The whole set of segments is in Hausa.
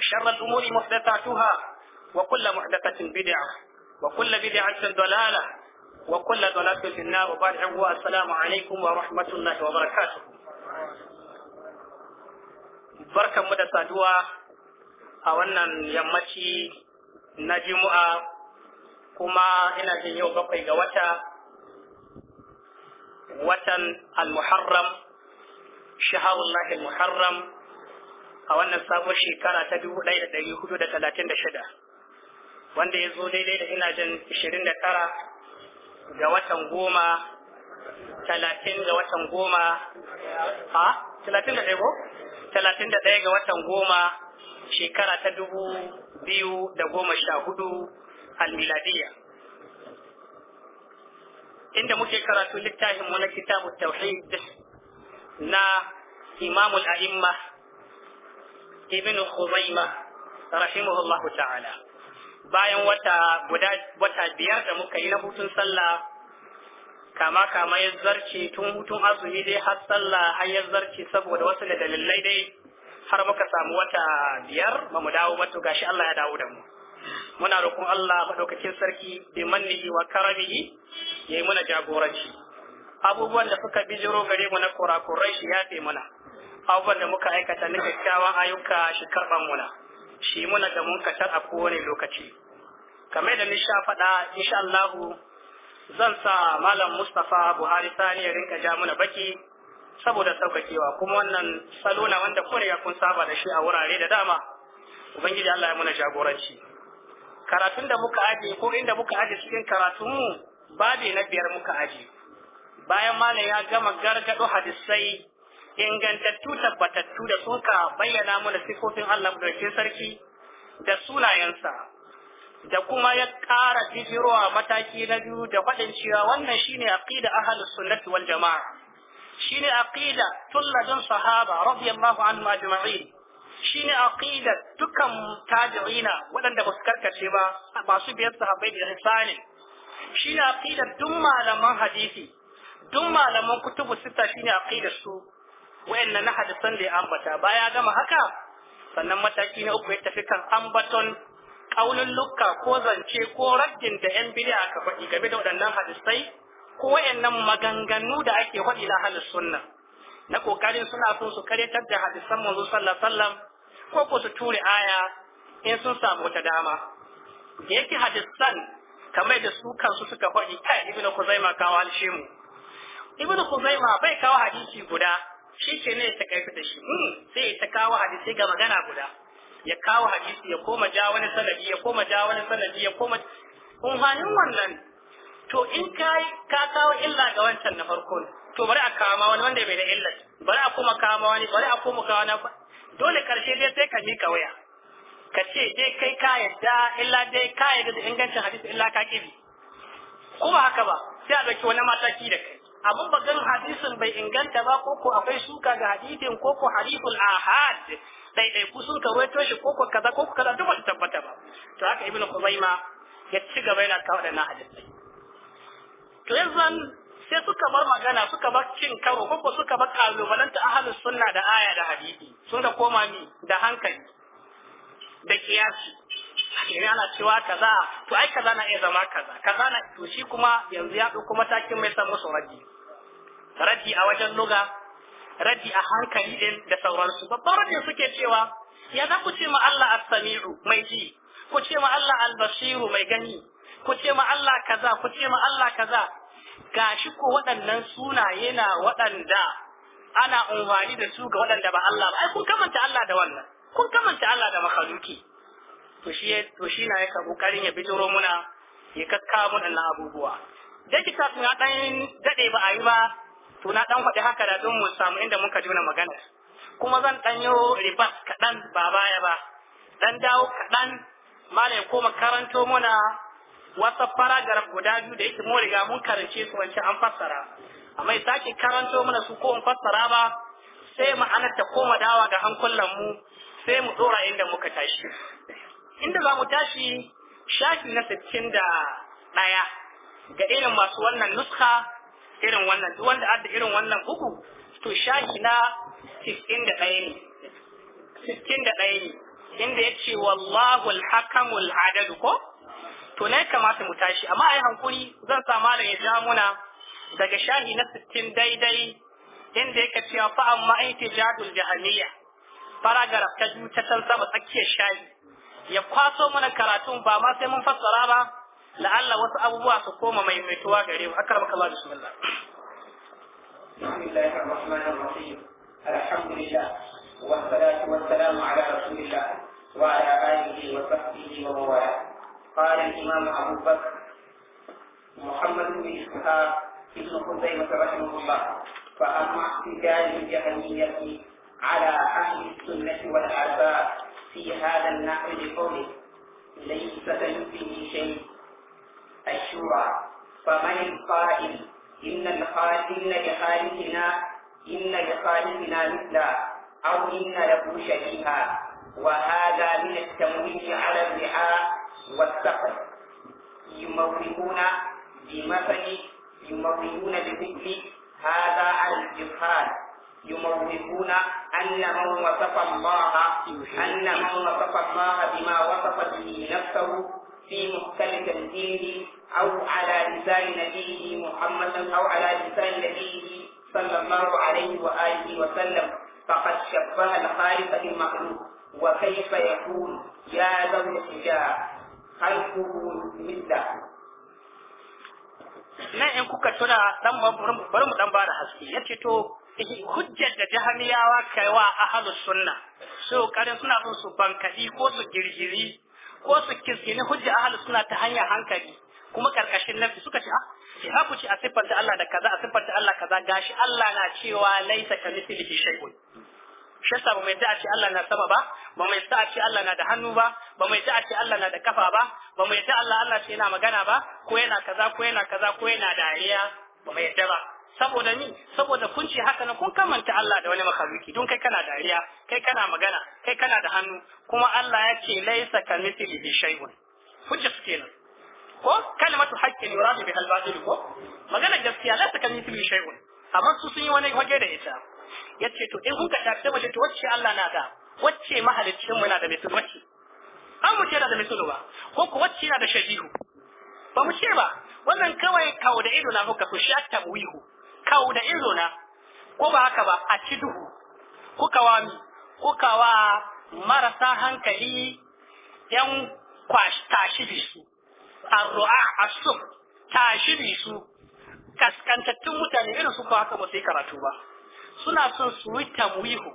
وشر الأمور محدثاتها وكل محدثة بدعة وكل بدعة ضلالة وكل ضلالة في النار وبعد السلام عليكم ورحمة الله وبركاته بركة مدى سادوة أولا يمشي نجمع kuma ina jin yau bakwai ga wata watan al-muharram shaharullahi al-muharram a wannan sabon shekara ta dubu ɗaya da ɗari hudu da talatin da shida wanda ya zo daidai da ina jin ishirin da tara ga watan goma talatin ga watan goma a talatin da ɗaya ko talatin da ɗaya ga watan goma shekara ta dubu biyu da goma sha hudu almiladiya inda muke karatu littafin mu na kitabu tauhid na imamul a'imma ibn Khuzaima rahimahullahu ta'ala bayan wata guda wata biyar da muka yi na hutun sallah kama kama ya zarce tun hutun azumi dai har sallah har ya zarce saboda wasu da dalilai dai har muka samu wata biyar ba mu dawo ba to gashi Allah ya dawo da mu muna roƙon Allah madaukakin sarki bi mannihi wa karamihi yayi muna jagoranci abubuwan da suka bijiro gare mu na kurakurai shi yafe mana. abubuwan da muka aikata na kyakkyawan ayyuka shi karɓan muna shi muna da mun a kowane lokaci kamar da nisha faɗa insha Allahu zan sa malam Mustapha Buhari Sani ya rinka ja muna baki saboda saukakewa kuma wannan salo na wanda kun riga kun saba da shi a wurare da dama ubangiji Allah ya muna jagoranci karatun da muka aje ko inda muka aje cikin karatun mu babi na biyar muka aje bayan malam ya gama gargado hadisai ingantattu tabbatattu da sun ka bayyana mana sifofin Allah madaukakin sarki da sunayensa da kuma ya ƙara bijirowa mataki na biyu da faɗin cewa wannan shine aqida ahlus sunnati wal jama'a shine aqida tulladun sahaba radiyallahu anhum ajma'in shine aqida dukkan tabi'ina waɗanda ba su karkace ba masu biyar sahabbai da ihsani shine aqida duk malaman hadisi duk malaman kutubu sita shine aqidar su wayannan na hadisan da ya ambata baya gama haka sannan mataki na uku ya tafi kan ambaton kaulin lukka ko zance ko raddin da yan bid'a ka faɗi game da waɗannan hadisai ko yannan maganganu da ake faɗi da halin sunna na kokarin suna son su karyatar da hadisan manzo sallallahu alaihi wasallam ko ko su ture aya in sun samu wata dama da yake hadisan kamar da su kansu suka faɗi kai ibnu kuzaima kawo alshemu ibnu kuzaima bai kawo hadisi guda shi ke ne ya takaitu da shi hmm, sai ya ta kawo hadisi ga magana guda ya kawo hadisi ya koma ja wani sanadi ya koma ja wani sanadi ya koma umhanin wannan to in kai ka kawo illa ga wancan na farko to bari a kama wani wanda bai da illa bari a kuma kama wani bari a kuma kawo na dole karshe dai sai ka mika waya ka ce dai kai ka yadda illa dai ka yadda ingancin hadisi illa ka kibi ko ba haka ba sai a ɗauki wani mataki da kai abin bakan hadisin bai inganta ba ko akwai suka ga hadisin ko ko hadithul ahad dai ku sun wato shi ko ko kaza ko kaza duk wata tabbata ba to haka ibnu khuzaima ya ci gaba yana kawo da na hadisi to yanzu sai suka bar magana suka bar cin karo ko suka bar kalubalanta ahlus sunna da aya da hadisi sun da koma ni da hankali da kiyasi idan ana cewa kaza to ai kaza na iya zama kaza kaza na to shi kuma yanzu ya ɗauko matakin mai san musu raddi raddi a wajen luga raddi a hankali din da sauransu babban raddi suke cewa ya za ku ce ma Allah as-sami'u mai ji ku ce ma Allah al-basiru mai gani ku ce ma Allah kaza ku ce ma Allah kaza gashi ko waɗannan sunaye na waɗanda ana umarni da su ga waɗanda ba Allah ba ai kun kamanta Allah da wannan kun kamanta Allah da makhluki to shi to shi na yaka kokarin ya bitoro muna ya kakka mun nan abubuwa da kafin na dan dade ba yi ba to na dan faɗi haka da don mu samu inda muka juna magana kuma zan dan yo ribas kadan ba baya ba dan dawo kadan malai koma karanto muna wata paragraf guda biyu da yake mori riga mun karance su wancan an fassara amma ya sake karanto mana su ko in fassara ba sai ma'anar ta koma dawa ga hankulan mu sai mu tsora inda muka tashi inda za mu tashi shafi na sittin da ɗaya ga irin masu wannan nuska irin wannan duk wanda adda irin wannan uku, to shafi na sittin da ɗaya ne sittin da ɗaya ne inda ya ce wallahu alhakamul adadu ko to ne kamata mu tashi amma ai hankuri zan sa malam ya ja muna daga shahi na sittin daidai inda yake cewa fa amma ai tijadul jahiliya paragraph ta biyu ta san sama tsakiyar shahi ya kwaso mana karatun ba ma sai mun fassara ba la'alla wasu abubuwa su koma mai mai tuwa gare mu akar maka Allah bismillah bismillahir rahmanir rahim wa والصلاة والسلام على رسول الله وعلى آله وصحبه وموالاه قال الإمام أبو بكر محمد بن إسحاق ابن خزيمة رحمه الله فأما احتجاج الجهمية على أهل السنة والآثار في هذا النحو لقوله ليس كمثله شيء الشورى فمن القائل إن إن لخالقنا إن لخالقنا مثلا أو إن له شبيها وهذا من التمويه على الرعاء والسقف يموهون بمثل يموهون بمثل هذا على الإبهام يموهبون أن من وصف الله أن من وصف الله بما وصف به نفسه في مختلف تنزيله أو على لسان نبيه محمد أو على لسان نبيه صلى الله عليه وآله وسلم فقد شبه الخالق بالمخلوق وكيف يكون يا ذوي الحجاب خلقه مثله nan in kuka tuna dan bari mu dan bada haske yace to hujjar da jahamiyawa wa ahlus sunna su karin suna son su bankadi ko su girgiri ko su kiskini hujjar ahlus sunna ta hanyar hankali kuma karkashin nafi suka ce Ya ah, ku ce a siffanta Allah da kaza a siffanta Allah kaza gashi Allah na cewa laisa kamithlihi shay'un shi yasa ba mai ta ce Allah na sama ba ba mai ta ce Allah na da hannu ba ba mai ta ce Allah na da kafa ba ba mai ta Allah Allah ce yana magana ba ko yana kaza ko yana kaza ko yana dariya ba mai yadda ba saboda ni saboda kun ce haka na kun kamanta Allah da wani makamuki don kai kana dariya kai kana magana kai kana da hannu kuma Allah ya ce laisa bi shay'un suke nan, ko kalmatu haqqin yuradu al batil ko magana gaskiya laisa kamithlihi shay'un amma su sun yi wani waje da ita yace to in kuka da mace to wacce Allah na da wacce mahalicin muna na da misul wacce an mu ce da misul ba ko ko wacce na da shabihu ba mu ce ba wannan kawai kawo da ido na muka shi sha tabwihu kau da na, ko ba haka ba a ci duhu kuka wa mi kuka wa marasa hankali yan A bisu arru'a asum tashi bisu kaskantattun mutane irin su ba haka ba sai karatu ba suna son su yi tamwihu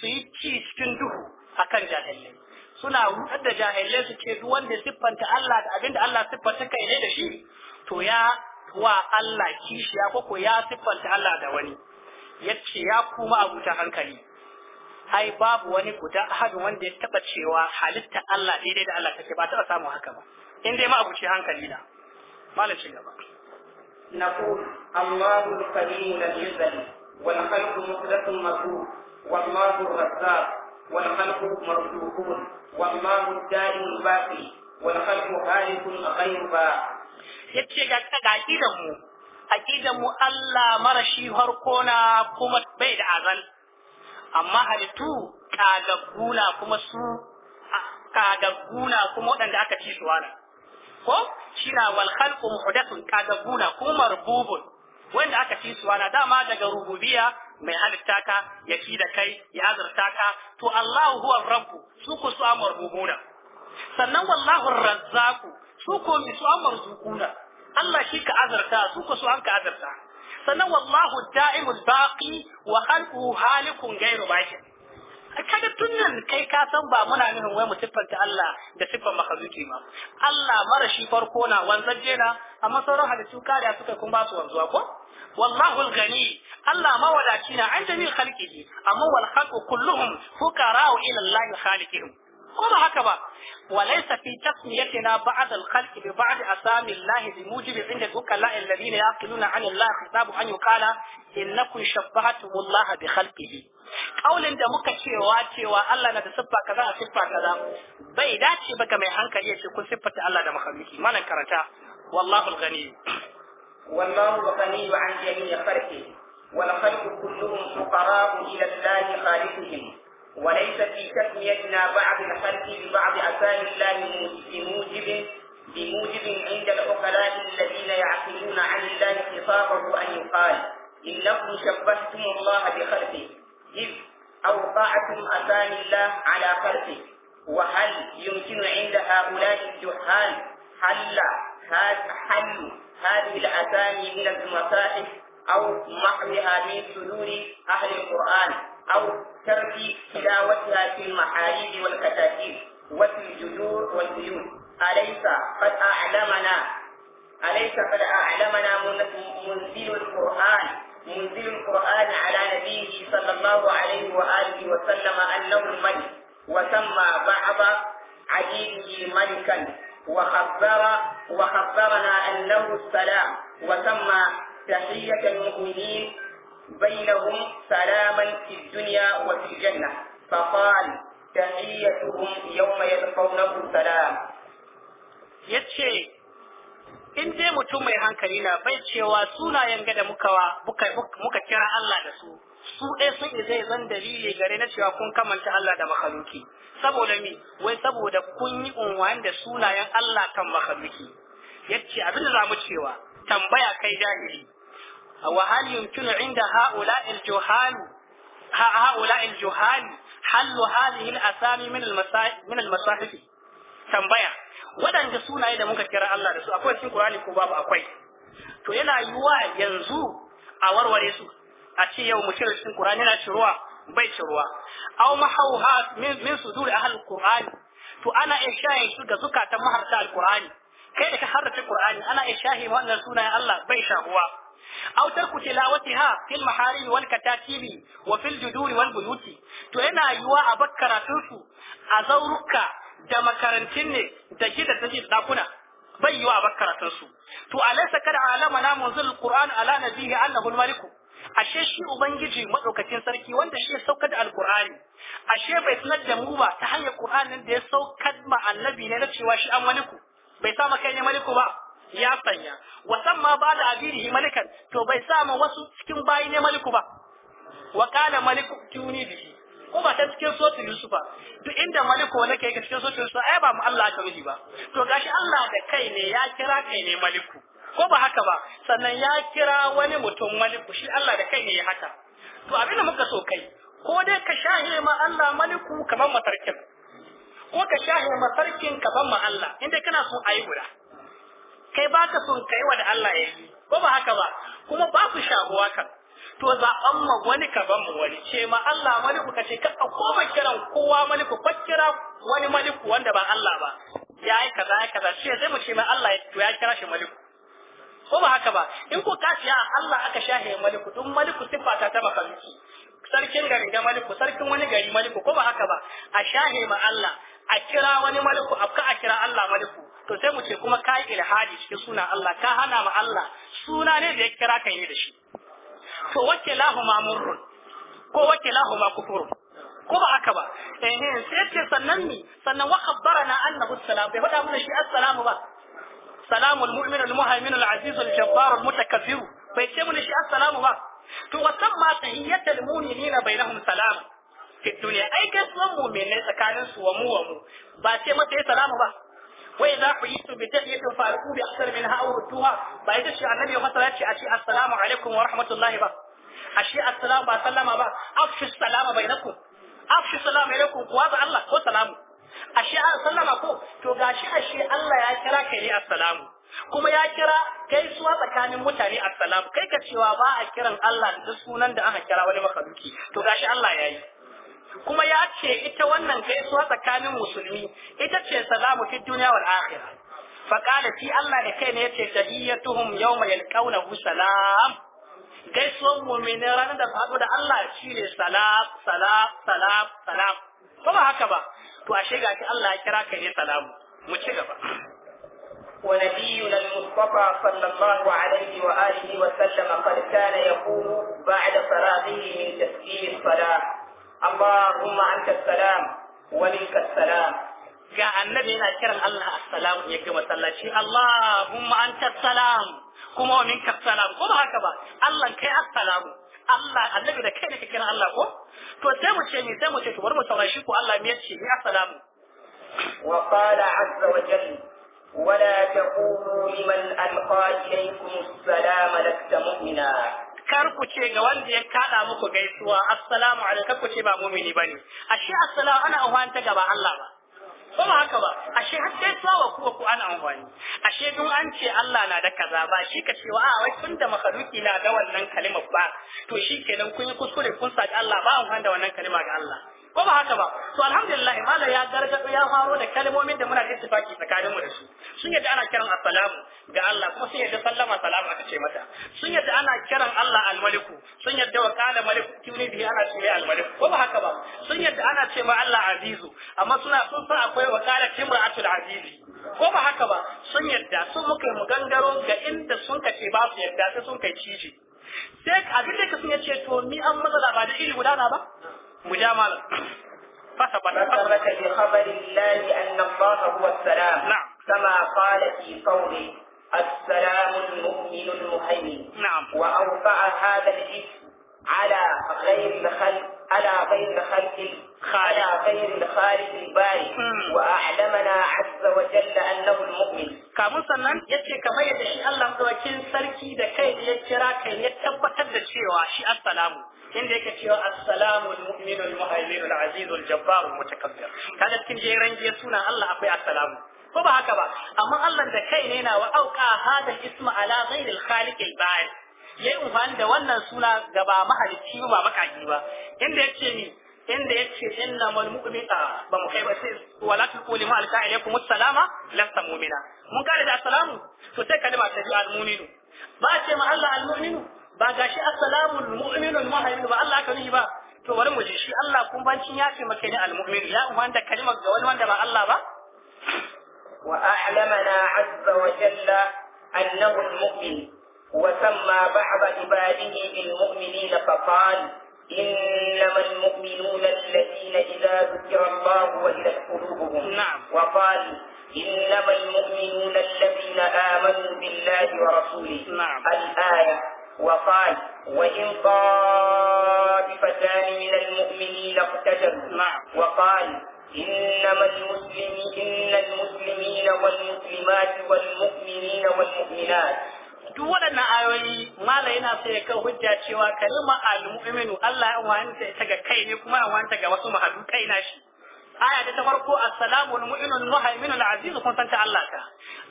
su yi ci cikin duhu akan jahilai suna rudar da jahilai su ce duk wanda siffanta Allah da abinda Allah siffanta kai ne da shi to ya wa Allah kishiya ko ya siffanta Allah da wani yace ya kuma abuta hankali ai babu wani guda ahadin wanda ya taba cewa halitta Allah daidai da Allah take ba ta samu haka ba in dai ma abuci hankali na malam shi gaba نقول الله القديم لم يزل والخلق مخلص مكروه والله الرزاق والخلق مرزوقون والله الدائم الباقي والخلق هالك غير باق yace ga ga aqidan mu aqidan mu Allah shi harko na kuma bai da azal amma halittu kagagguna kuma su kagagguna kuma waɗanda aka ci su wani ko shina wal khalqu muhdathun kagagguna kuma marbubun wanda aka ci su wani dama daga rububiya mai halitta ka ya ci da kai ya azurta ka to Allah huwa rabbu su ku su amur bubuna sannan wallahu razzaqu su ko mi su an Allah shi ka azarta su ko su an ka azarta sannan wallahu da'imul baqi wa khalquhu halikun ghairu baqi kada tunnan kai ka san ba muna nufin wai mu Allah da siffan makhluki ma Allah mara shi farko na wanzaje na amma sauran halittu kada suka kun ba su wanzuwa ko والله الغني الله ما ولاتنا عن جميع خلقه أما والخلق كلهم فقراء إلى الله خالقهم kuma haka ba haka ba walaysa fi tasmiyatina ba'd al-khalq bi ba'd asami Allah bi mujibi inda ukala alladhina yaqiluna 'ala Allah khitabu an yuqala innakum shabbahatum Allah bi khalqihi kaulin da muka cewa cewa Allah na da siffa kaza a siffa kaza bai dace ba ga mai hankali ya ce kun siffata Allah da makhluki malan karanta wallahu al-ghani والله الغني عن جميع خلقه والخلق كلهم فقراء إلى الله خالقهم وليس في تسميتنا بعض الخلق ببعض أسامي الله بموجب بموجب عند العقلاء الذين يعقلون عن الله خطابه أن يقال إنكم شبهتم الله بخلقه إذ أوقعتم أسامي الله على خلقه وهل يمكن عند هؤلاء الجهال حل حل هذه الأسامي من المصاحف أو محوها من صدور أهل القرآن أو ترك تلاوتها في المحاريب والكتاتيب وفي الجذور والبيوت أليس قد أعلمنا أليس قد أعلمنا منزل القرآن منزل القرآن على نبيه صلى الله عليه وآله وسلم أنه الملك وسمى بعض عبيده ملكا وخبر وخبرنا أنه السلام وسمى تحية المؤمنين بينهم سلاما في الدنيا وفي الجنة فقال تحيتهم يوم يلقونه سلام يتشي in dai mutum mai hankali na bai cewa sunayen gada muka muka kira Allah da su su ɗaya sun zai zan dalili gare na cewa kun kamanta Allah da makhaluki saboda mi wai saboda kun yi unwan da sunayen Allah kan makhaluki yace abin da za mu cewa tambaya kai jahili وهل يمكن عند هؤلاء الجهال هؤلاء الجهال حل هذه الاسامي من المصاحف من المصاحف تنبيا ودان جسونا إذا ممكن كرا الله رسول أكوي في القرآن كباب أكوي تو ينا يوا ينزو أور وريسو يوم مشير في القرآن ينا شروع بيت شروع أو ما هو من من صدور أهل القرآن تو أنا إشاعي شو جزوك أتمهر القرآن كيف كحرت القرآن أنا إشاعي ما نزونا الله بيت شروع aw tarku tilawatiha fil maharimi wal katatibi wa fil juduri wal buyuti to yana yiwa a bakkaratun su a zauruka da makarantun ne da gida da bai yiwa a bakkaratun su to alaysa kada alama na munzil qur'an ala nabihi annahu al maliku ashe shi ubangiji maɗaukacin sarki wanda shi ya saukar da alqur'ani ashe bai sanar da mu ba ta hanyar qur'anin da ya saukar ma annabi ne na cewa shi an maliku bai sa kai ne maliku ba ya sanya wasan ma ba da abirihi malikan to bai sa ma wasu cikin bayi ne maliku ba wa kana maliku tuni bihi ko ba ta cikin sotu yusufa duk inda maliku wani kai cikin sotu yusufa ai ba mu Allah ka miji ba to gashi Allah da kai ne ya kira kai ne maliku ko ba haka ba sannan ya kira wani mutum maliku shi Allah da kai ne ya haka to abin da muka so kai ko dai ka shahe ma Allah maliku kamar masarkin ko ka shahe masarkin kaban ma Allah inda kana so ayi guda kai baka son kai wa da Allah ya yi ko ba haka ba kuma ba ku shahuwa kan to zaɓan amma wani ka ban mu wani ce ma Allah maliku ka ce ka ba kiran kowa maliku ko kira wani maliku wanda ba Allah ba ya yi kaza ya kaza shi zai mu ce ma Allah to ya kira shi maliku ko ba haka ba in ko ka ce Allah aka shahe maliku duk maliku sifa ta ta mafarki sarkin gari da maliku sarkin wani gari maliku ko ba haka ba a shahe ma Allah a kira wani maliku afka a kira Allah maliku to sai mu ce kuma kai ilhadi cikin suna Allah ka hana ma Allah suna ne da ya kira kan yi da shi to wacce lahuma murrun ko wacce lahuma kufurun ko ba haka ba eh sai ce sannan ni sannan wa khabbarana annahu salam bai faɗa mana shi assalamu ba salamul mu'min al muhaimin al aziz al jabbar al mutakabbir bai ce mana shi assalamu ba to wa samma tahiyatul mu'minina bainahum salam fi duniya ai gaisuwan mu'minai tsakanin su wa mu wa mu ba ce mata ya salamu ba wa idza quyitu bi tahiyatin faruqu bi ahsani minha aw rudduha ba ita ce annabi ya masala ce ashe assalamu alaikum wa rahmatullahi ba ashe assalamu ba salama ba afshu salama bai na bainakum afshu salama bai na bainakum kuwa ga Allah ko salamu ashe sallama ko to gashi ashe Allah ya kira kai yi assalamu kuma ya kira gaisuwa tsakanin mutane assalamu kai ka cewa ba a kiran Allah da sunan da aka kira wani makaluki to gashi Allah ya yi kuma ya ce ita wannan gaisuwa tsakanin musulmi ita ce salamu fi duniya wal akhirah fa qala fi Allah da kai ne yace tahiyyatuhum yawma yalqawnahu salam gaisuwar mu'minin ranar da su da Allah shi ne salam salam salam salam ko ba haka ba to ashe gashi Allah ya kira kai ne salamu mu ci gaba ونبينا المصطفى صلى الله عليه وآله وسلم قد كان يقول بعد صلاته من تسليم الصلاة Allahumma anta salam wa minka salam ga annabi yana kiran Allah assalamu ya ga masallaci Allahumma anta salam kuma wa minka salam ko ba haka ba Allah kai assalamu Allah annabi da kai ne ka kira Allah ko to sai mu ni sai mu to bari mu shi ko Allah me yace ni assalamu wa qala azza ولا تقولوا لمن ألقى إليكم السلام لست مؤمنا kar ku ce ga wanda ya kada muku gaisuwa assalamu alaikum ku ce ba mumini bane ashe assalamu ana amfani ta gaba Allah ba ko ba haka ba ashe har sai wa ku ku ana amfani ashe duk an ce Allah na da kaza ba shi ka ce wa a wai tun da makaruki na da wannan kalimar ba to shikenan kun yi kuskure kun saki Allah ba amfani da wannan kalima ga Allah ko ba haka ba to alhamdulillah malam ya gargado ya faro da kalmomin da muna da ittifaki tsakanin mu da su sun yadda ana kiran assalamu ga Allah kuma sun yadda sallama salama aka ce mata sun yadda ana kiran Allah almaliku sun yadda wa kana maliku tuni bi ana ce almaliku ko ba haka ba sun yadda ana ce ma Allah azizu amma suna sun san akwai wa kana timratul azizi ko ba haka ba sun yadda sun muka mu gangaro ga inda sun ce ba su yadda sai sun kai cije sai abin da ka sun yace to ni an matsala ba da iri gudana ba مجاملة فثبت فثبت في خبر الله أن الله هو السلام نعم كما قال في قوله السلام المؤمن المهيمن نعم وأوقع هذا الاسم على غير الخلق على غير الخلق على غير الخالق الباري وأعلمنا عز وجل أنه المؤمن kamun sannan ya ce kamar yadda shi Allah madaukakin sarki da kai ya kira kai ya tabbatar da cewa shi assalamu inda yake cewa assalamu almu'minu almuhaimin alaziz aljabbar almutakabbir kaga cikin jeran jiya sunan Allah akwai assalamu ko ba haka ba amma Allah da kai ne na wa auqa hada isma ala ghairi alkhaliq alba'id yayi umfani da wannan suna ga ba mahalicci ba makaki ba inda yake ni inda yace innamal mu'mina ba mu kai ba sai wala tuqulu ma alka ilaykum assalama lasta mu'mina mun kada da assalamu to sai kalma ta ji almu'minu ba ce ma Allah almu'minu ba gashi assalamu almu'minu almuhaimin ba Allah aka nihi ba to bari mu ji shi Allah kun bancin ya ce maka ne almu'min ya wanda kalmar ga wani wanda ba Allah ba wa a'lamana azza wa jalla annahu almu'min wa samma ba'd ibadihi bil mu'minin fa qala إنما المؤمنون الذين إذا ذكر الله وجلت قلوبهم نعم وقال إنما المؤمنون الذين آمنوا بالله ورسوله نعم الآية وقال وإن طائفتان من المؤمنين اقتتلوا وقال إنما المسلمين إن المسلمين والمسلمات والمؤمنين والمؤمنات duk waɗannan ayoyi mala yana so ya kan hujja cewa kalma al-mu'minu Allah ya wanta ta ga kai ne kuma ya wanta ga wasu mahadu kai na shi aya ta farko assalamu al-mu'minu al-muhaimin al-aziz kun san ta Allah ka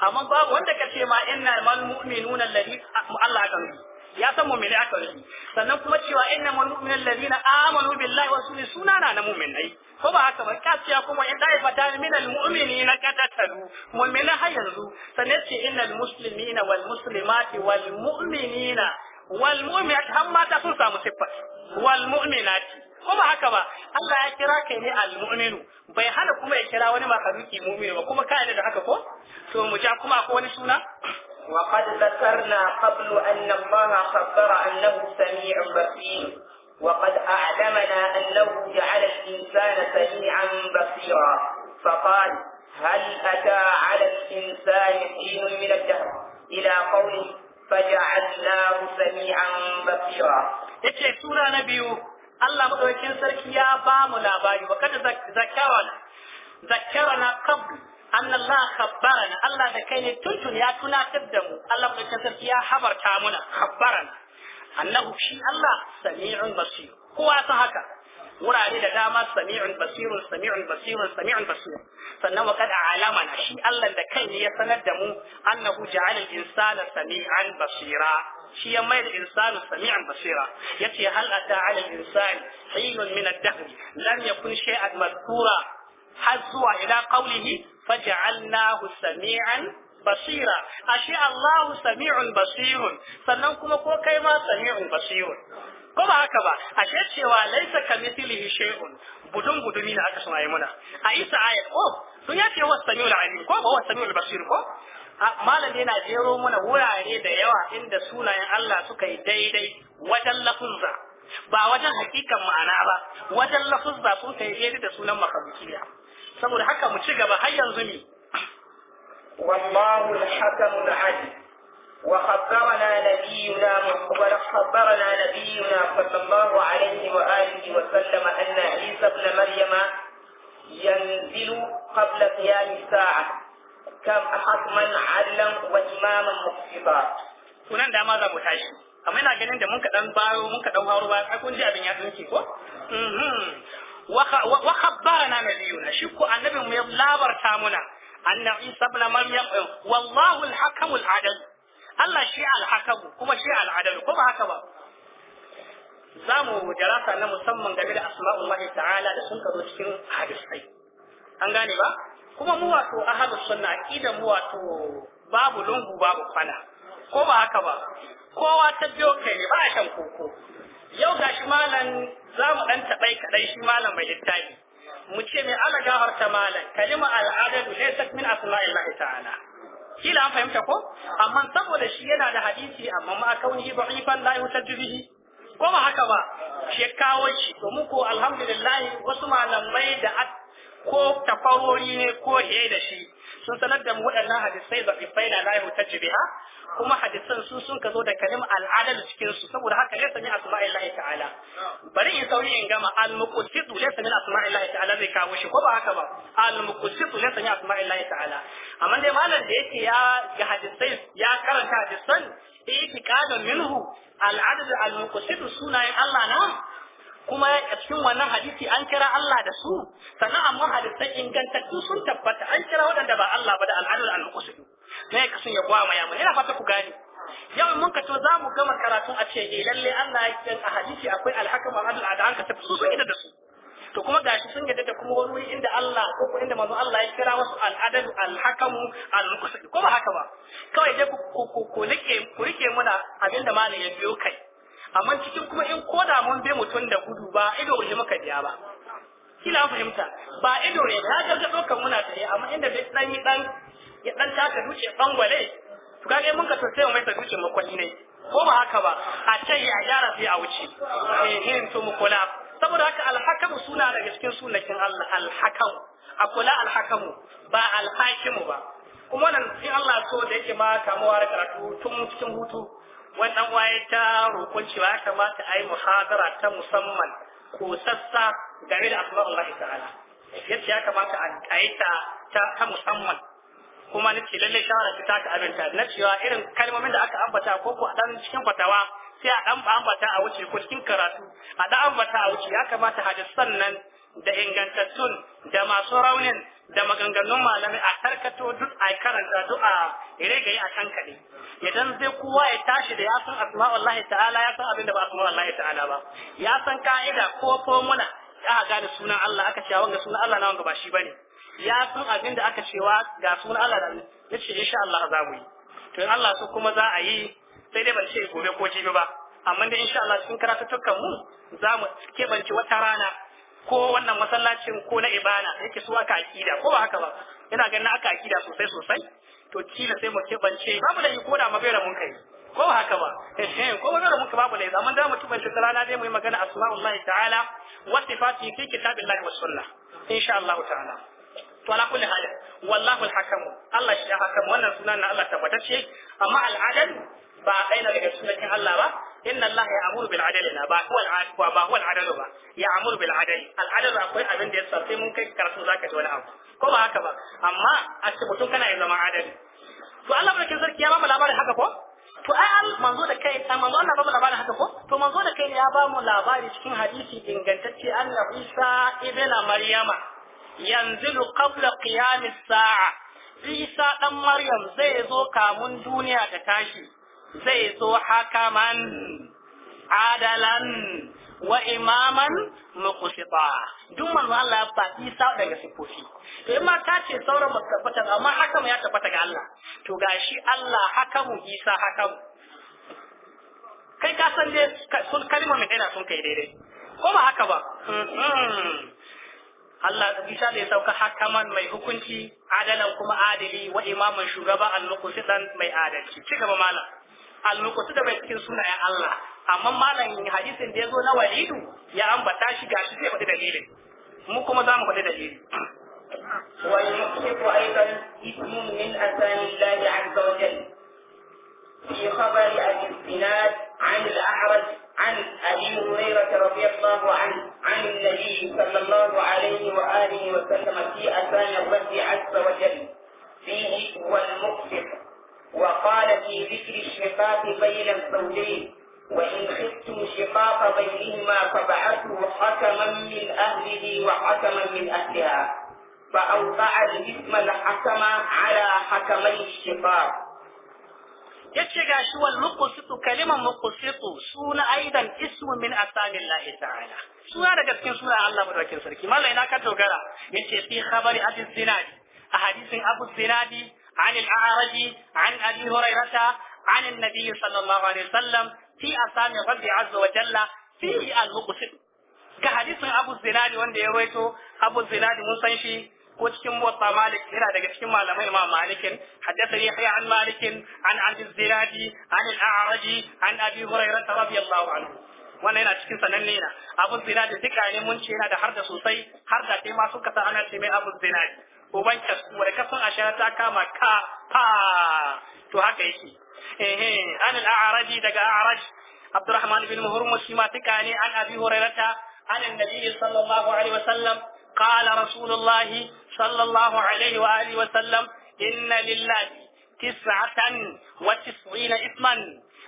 amma babu wanda kace ma inna mal mu'minuna alladhi Allah ka nufi ya san mu'mini aka nufi sannan kuma cewa innamal muminan allazina amanu billahi wa rasulihi sunana na mu'minai ko ba haka ba kasiya kuma in dai fata min al mu'minina qatatalu mu'mina har yanzu sannan ce innal muslimina wal muslimati wal mu'minina wal mu'minat har mata sun samu siffat wal mu'minati ko ba haka ba Allah ya kira kai ne al mu'minu bai hana kuma ya kira wani ma makaruki mu'minu ba kuma kai da haka ko to mu ja kuma ko wani suna وقد ذكرنا قبل أن الله خبر أنه سميع بصير وقد أعلمنا أنه جعل الإنسان سميعا بصيرا فقال هل أتى على الإنسان حين من الدهر إلى قوله فجعلناه سميعا بصيرا yace سورة نبي الله Allah madaukakin يا ya ba mu ذكرنا ذكرنا قبل an Allah khabbarana Allah da kai ne tuntun ya tunatar da mu Allah mai kasarki ya habarta muna khabbarana annahu shi Allah sami'un basir kowa san haka wurare da dama sami'un basirun sami'un basirun sami'un basirun sannan wa kad alamana shi Allah da kai ne ya sanar da mu annahu ja'ala al-insana sami'an basira shi ya mai da insanu sami'an basira yace hal ata 'ala al-insani hilun min har zuwa ila qawlihi faj'alnahu sami'an basira ashe Allahu sami'un basirun sannan kuma ko kai ma sami'un basirun ko ba haka ba ashe cewa laisa kamithlihi shay'un budun budumi ne aka sunaye muna a isa ayat ko oh, sun yace wa sami'ul alim ko ba wa sami'ul basir ko malam yana jero muna wurare da yawa inda sunayen Allah suka yi daidai wajen lafunza. ba wajen hakikan ma'ana ba wajen lafunza sun kai daidai da sunan makalukiya saboda haka mu ci gaba har yanzu mi wallahu al-hakamu al-adil wa khabbarana nabiyuna wa khabbarana nabiyuna sallallahu alaihi wa alihi wa sallama anna isa ibn maryama yanzilu qabla qiyam as-sa'ah kam hakman adlan wa imaman muqsita kunan da ma za mu tashi amma ina ganin da mun ka dan bayo mun ka dan haro ba ai kun ji abin ya tsinke ko mhm. na khabbarana nabiyuna shi ko annabi mu ya labarta muna anna isa ibn maryam eh, wallahu al-hakamul Allah shi al-hakam kuma shi al-adil ko ba haka ba za mu darasa na musamman game da asma'ullahi ta'ala da sun karo cikin hadisai an gane ba kuma mu wato ahlus sunna idan mu babu lungu babu ko ba haka ba kowa ta shan koko yau gashi malam za mu ɗan taɓai kaɗai shi malam mai littafi mu ce mai ala gafarta malam kalima al'adadu laysat min asma'illahi ta'ala kila an fahimta ko amma saboda shi yana da hadisi amma ma kauni da'ifan la yuhtaju bihi ko ba haka ba shi kawo shi to mu ko alhamdulillah wasu malamai da ko tafarori ne ko he da shi sun sanar da mu waɗannan hadisai da fifai na layu ta biha kuma hadisan su sun ka zo da kalim al'adal cikin su saboda haka laysa min asma'illahi ta'ala bari in sauri in gama al-muqaddisu laysa min asma'illahi ta'ala zai kawo shi ko ba haka ba al-muqaddisu laysa min asma'illahi ta'ala amma dai malam da yake ya ga hadisai ya karanta hadisan itiqadan minhu al-adad al-muqaddisu sunayen Allah na kuma a cikin wannan hadisi an kira Allah da su sannan amma hadisan ingantattu sun tabbata an kira waɗanda ba Allah ba da al'adul al-qusd sai ka sun ya kwa maya mun ina fata ku gane yau mun ka to za mu gama karatu a ce eh lalle Allah ya kiyan a hadisi akwai al-hakam al-adul adan ka tafi su sun yadda da su to kuma gashi sun yadda da kuma wani wuri inda Allah ko ko inda manzo Allah ya kira wasu al-adal al-hakam al-qusd ko ba haka ba kawai dai ku ku ku rike ku rike muna abinda malam ya biyo kai amma cikin kuma in ko da mun bi mutum da gudu ba ido ne muka biya ba kila fahimta ba ido ne ta garga dokan muna tare amma inda bai dan yi dan ya dan taka duke gwale to kage mun ka tsaya mai tsuke duke ne ko ba haka ba a can ya gyara sai a wuce eh irin to mu kula saboda haka alhakam suna daga cikin sunakin Allah alhakam a kula ba alhakimu ba kuma nan sai Allah so da yake ma kamuwa karatu tun cikin hutu wannan waye ta roƙo cewa ya kamata a yi muhadara ta musamman ko sassa game da asma'ul Allah ta'ala ya kamata a yi ta musamman kuma na ce lallai shawara ta ta abinta na cewa irin kalmomin da aka ambata ko ko a dan cikin fatawa sai a dan ambata a wuce ko cikin karatu a dan ambata a wuce ya kamata hadisan nan da ingantattun da masu raunin da maganganun malamai a karkato duk a karanta duk a rage a kan idan zai kowa ya tashi da ya san asma wallahi ta'ala ya san abin da ba asma wallahi ta'ala ba ya san ka'ida ko formula aka da sunan Allah aka ce wanga sunan Allah na wanga ba shi bane ya san abin da aka cewa ga sunan Allah da ya ce insha Allah za mu yi to in Allah so kuma za a yi sai dai ban ce gobe ko jibi ba amma dai insha Allah cikin karatu tukkan mu za mu kebance wata rana ko wannan masallacin ko na ibana yake su aka akida ko ba haka ba ina ganin aka akida sosai sosai to kila sai mu bance babu da ko da magana mun kai ko ba haka ba eh ko magana mun kai babu da amma da mu kebance tsara rana dai mu yi magana asma'ullahi ta'ala wa sifati fi kitabillahi wa sunnah insha Allah ta'ala to ala kulli hal wallahu al-hakam Allah shi hakam wannan sunan na Allah tabbatacce amma al-adal ba ɗaya daga sunan Allah ba inna Allah ya amuru bil adali na ba huwa al ba ba ya amuru bil adali al akwai abin da yasa sai mun kai karatu zaka ji wani abu ko ba haka ba amma a ce mutum kana ya zama to Allah barkin sarki ya ba labarin haka ko to ai al kai manzo Allah ba labarin haka ko to manzo da ya labari cikin hadisi ingantacce Allah Isa Maryama yanzu qabla qiyam Isa ɗan Maryam zai zo kamun duniya da tashi zai zo hakaman adalan wa imaman muqsita duk manzo Allah ya isa daga sifofi to in ma ka ce sauran ba tabbata amma hakamu ya tabbata ga Allah to gashi Allah hakamu Isa hakamu kai ka san dai sun kalma mai daina sun kai daidai ko ba haka ba Allah Isa da ya sauka hakaman mai hukunci adalan kuma adili wa imaman shugaba al-muqsitan mai adalci cigaba malam A lokacin da bai cikin sunayen Allah amma malamin hadisin da ya zo na walidu ya ambata shi gashi zai faɗi dalilin mu kuma za mu faɗi dalilin والمكشف min اسم من أسامي الله عز وجل في خبر أبي الزناد عن الأعرج عن أبي هريرة رضي حكما من أهله وحكما من أهلها فأوقع الإثم الحكم على حكمي الشقاق yace ga shi wal muqsitu kalimar muqsitu suna aidan ismu min asamillahi ta'ala suna daga cikin suna Allah madaukakin sarki mallan ina ka dogara yace fi khabari abi zinadi a hadisin abu zinadi an al-a'raj an abi hurairata an an-nabi sallallahu alaihi wasallam fi asami rabbi azza wa jalla fi al-muqsit ga hadisin abu zinadi wanda ya rawaito abu zinadi mun san shi ko cikin motsa malik yana daga cikin malamai imam malikin haddasa haddathani yahya an malikin an abi zinadi an al-a'raji an abi hurairah radiyallahu anhu wannan yana cikin sananne na abu zinadi duka ne mun ce yana da harda sosai har da sai ma suka san ana ce mai abu zinadi uban kasku da kasan ashara ta kama ka fa to haka yake eh eh an al-a'raji daga a'raj Abdurrahman bin Muhurmus shi ma tuka ne an Abi Hurairata عن النبي صلى الله عليه وسلم قال رسول الله صلى الله عليه وآله وسلم إن لله تسعة وتسعين إثما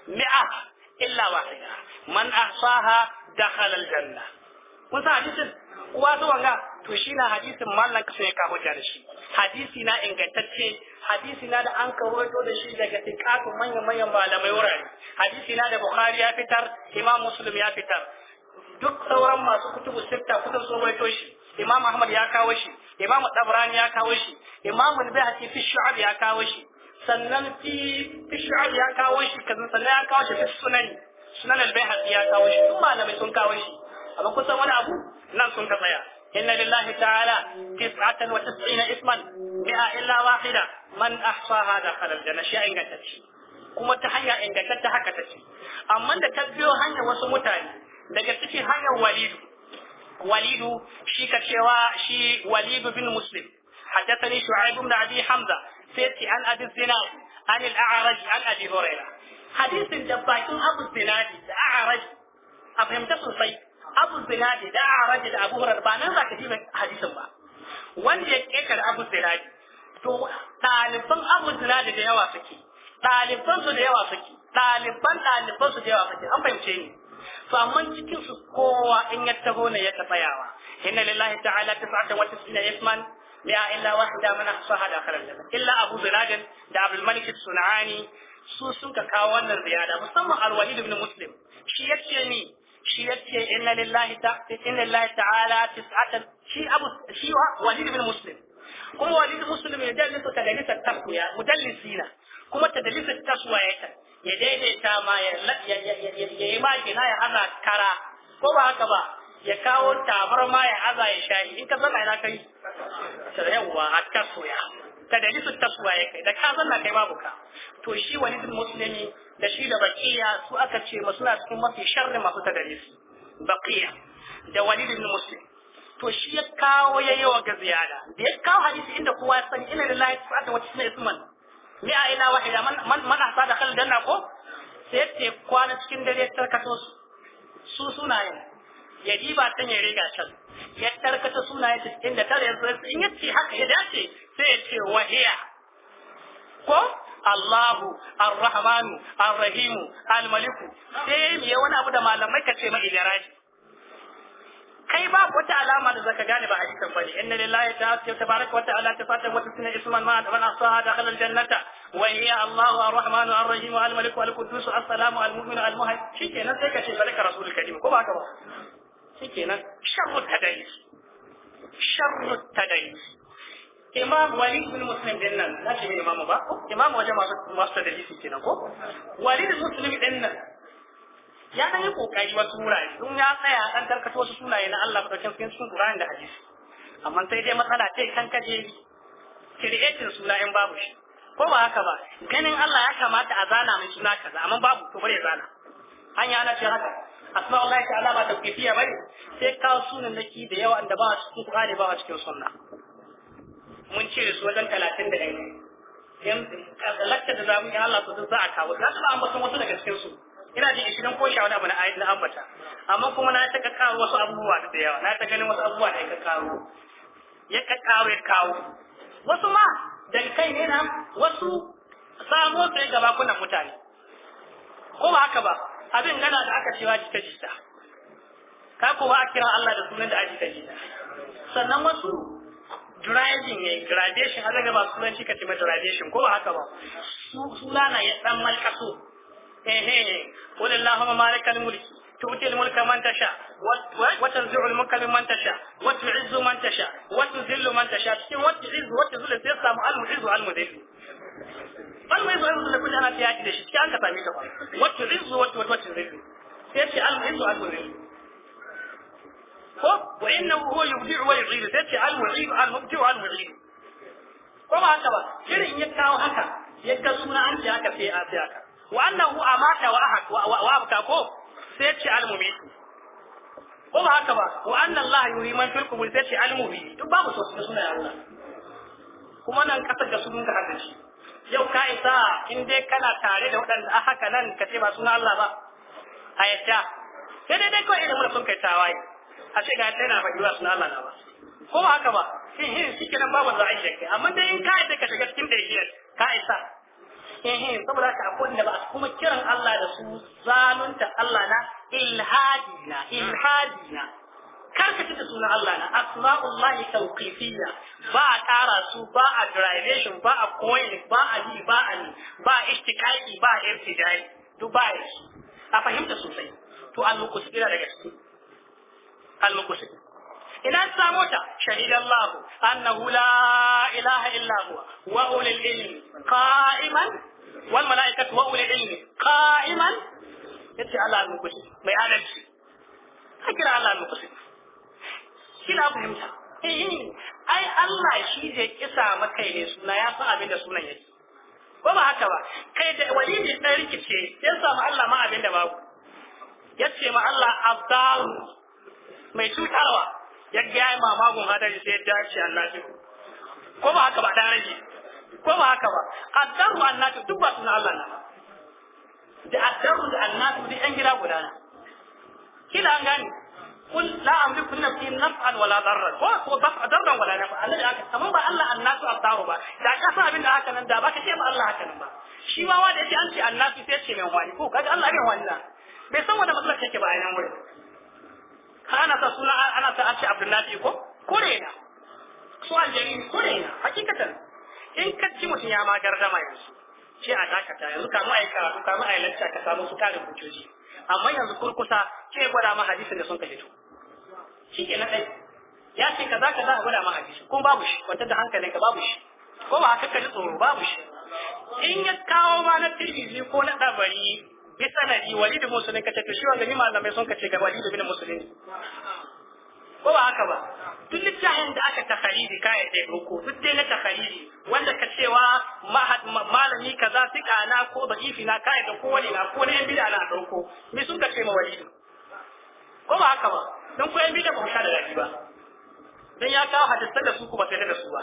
مئة إلا واحدة من أحصاها دخل الجنة kun hadisin uwa zuwa ga to shi na hadisin mallan kasu ya kawo da shi hadisi na ingantacce hadisi na da an karoto da shi daga tikatun manyan manyan malamai wurare hadisi na da bukhari ya fitar imam muslim ya fitar duk sauran masu kutubu sitta kusan sun rawaito shi imam ahmad ya kawo shi imam dabrani ya kawo shi imam al-bahati fi shu'ab ya kawo shi sannan fi fi shu'ab ya kawo shi kazan sannan ya kawo shi fi sunan sunan al-bahati ya kawo shi duk malamai sun kawo shi amma kusan wani abu nan sun ka tsaya إن لله تعالى تسعة وتسعين اسما illa wahida man من أحصاها دخل الجنة شيء إنك تتشي kuma ta hanya ingantatta haka ta ce amma da ta biyo hanya wasu mutane daga cikin hanyar walidu walidu shi ka cewa shi walidu bin muslim حدثني شعيب بن ابي حمزه سيتي عن ابي an عن الاعرج عن ابي هريره حديث دباكين ابو الزناد a افهمت sosai abu zinadi da araji da abu hurar ba nan za ka ji hadisin ba wanda ya kekar abu zinadi to ɗaliban abu zinadi da yawa suke ɗaliban su da yawa suke ɗaliban ɗaliban su da yawa suke an fahimce ni to amma cikin su kowa in ya taho ne ya tsayawa inna lillahi ta'ala 99 isman la illa wahda man ahsaha da kharal illa abu zinadin da abdul malik sunani su sun ka kawo wannan ziyada musamman al-walid ibn muslim shi yace ni shi yace inna lillahi ta'ala inna lillahi ta'ala tis'atan shi abu shi walid ibn muslim kuma walid muslim ya dalilta tadalisa taqwa mudallisina kuma tadalisa taswa yake ya daidaita ma ya yi ma ya aza kara ko ba haka ba ya kawo tabar ma ya aza ya shayi in ka zama ina kai yawwa a tasoya ta da nisu tasoya ya kai da ka zanna kai babu ka to shi walidin musulmi da shi da bakiya su aka ce masu na cikin mafi sharri masu ta da nisu bakiya da din musulmi. to shi ya kawo ya yi wa ga ziyada da ya kawo hadisi inda kowa ya sani ina lillahi ta'ala wata suna isman mi'a ina wahida man man asa da kal janna ko sai ta kwana cikin dare tarkato su su sunayen ya ba tan ya riga can ya tarkata sunaye cikin da tare yanzu in yace haka ya dace sai ya ce wahiya ko Allahu Ar-Rahmanu Ar-Rahimu Al-Maliku sai ya wani abu da malamai kace mai kai ba wata alama da zaka gane ba a hadisin bane inna lillahi ta'ala baraka wa ta'ala ta fata wa tusna isman ma man asaha dakhala aljannata wa hiya Allahu ar-rahmanu ar-rahim al-malik al-quddus as-salamu al-mu'min al-muhaymin shikenan sai ka ce malaka rasulul karim ko ba ka ba shikenan sharru tadayis sharru tadayis imam wali ibn muslim din nan na ce imamu ba imam waje masu masu tadayis kenan ko wali muslim din nan ya dan yi kokari wasu wurare sun ya tsaya dan tarkato wasu sunaye na Allah ba cikin sun Qur'ani da hadisi amma sai dai matsala ce kan kaje creating suna in babu shi ko ba haka ba ganin Allah ya kamata a zana mai suna kaza amma babu to bare zana hanya na ce haka ta alama ba kifiya bai sai kawo sunan naki da yawa da ba a cikin Qur'ani ba a cikin sunna mun ce su wajen 31 yan lakta da zamu yi Allah su za a kawo za su ba sun wasu daga cikin su ina ji ishirin ko sha wani abu na ayat ambata amma kuma na ta karo wasu abubuwa da yawa na ta ganin wasu abubuwa da ya karo ya karo ya kawo wasu ma da kai ne na wasu samo su gaba kuna mutane ko ba haka ba abin gana da aka cewa jita jita ka kowa a kira Allah da sunan da a jita jita sannan wasu driving ne graduation har daga ba sunan shi ka ce ma graduation ko ba haka ba suna na ya dan malkaso ehe qul allahumma malikal mulki tu'til man tasha wa tanzi'ul mulka mimman tasha wa tu'izzu man tasha wa tuzillu man tasha cikin wa tu'izzu wa tuzillu sai samu al-mu'izzu al-mudhillu al da kullana ta yaki da cikin an ka same ta ba wa tu'izzu wa tuzillu sai ce al-mu'izzu al ko wa innahu huwa yubdi'u wa haka ba irin ya kawo haka suna an haka wa annahu amata wa ahad wa abka ko sai ce almumitu ko ba haka ba wa anna Allah yuri man fil qubur sai ce almubi duk babu so su suna yawo kuma nan kasar da su dunga haka shi yau ka isa in dai kana tare da waɗanda a haka nan ka ce ba suna Allah ba a yadda sai dai dai kawai irin mulkin kai tawaye a ce ga yadda yana ba yiwa suna Allah na ba ko ba haka ba shin hin shi kenan babu za a yi da kai amma dai in ka yadda ka shiga cikin da ka isa Eh, eh saboda haka akwai da ba a kuma kiran Allah da su zalunta Allah na ilhadina ilhadina ka da sunan Allah na asma'ullahi tawqifiyya ba a tara su ba a derivation ba a coin ba a yi ba a ni ba a istiqaqi ba a irtidai duk ba ya shi a fahimta sosai to al-muqsit ina daga cikin al-muqsit ina samo ta shahidallahu annahu la ilaha illa huwa wa ulil ilmi qa'iman wal mala'ikatu wa ulil ilmi qa'iman yace Allah ya mai adalci ka Allah ya kina fahimta eh ai Allah shi ne kisa maka ne suna ya fi abin da sunan yake ko ba haka ba kai da walidi dan rikice ya samu Allah ma abin da babu yace ma Allah abdal mai cutarwa ya ga yayi mamagun sai ya dace Allah shi ko ba haka ba dan rage ko ba haka ba qaddaru annatu duk ba sunan Allah ne da addaru da annatu da yan gida guda na kila an gani kun la amliku nafsi naf'an wala darra ko ko ba darra wala nafa Allah ya aka kaman ba Allah annatu addaru ba da ka san abin da haka nan da ba ka ce ba Allah haka nan ba shi ma wa da yace an ce annatu sai ce mai wani ko kaga Allah ne wani bai san wani matsalar take ba a nan wurin kana sa suna ana sa an ce Abdullahi ko kore na su aljeri kore na hakikatan in ka ci mutum ya ma gardama yanzu ce a dakata yanzu kamu a yi karatu a yi musu ka samu su karin hujjoji amma yanzu kurkusa ce gwada ma hadisin da sun ka fito shi ke na ɗai ya ce kaza za a gwada ma hadisi kuma babu shi wata da hankalin ka babu shi ko ba haka ka ji tsoro babu shi in ya kawo ma na tirmizi ko na ɗabari bi sanadi walid musulun ka ce to shi wanda ni malamai sun ka ce ga walid bin musulun ko ba haka ba duk littafin da aka tafaridi ka yadda ko duk dai na tafaridi wanda ka cewa malami kaza sika na ko ifi na ka da ko wani na ko ne bida na dauko me sun ka ce ma wali ko ba haka ba don ko yan bida ba ka da ba dan ya kawo hadisan da su kuma sai da su ba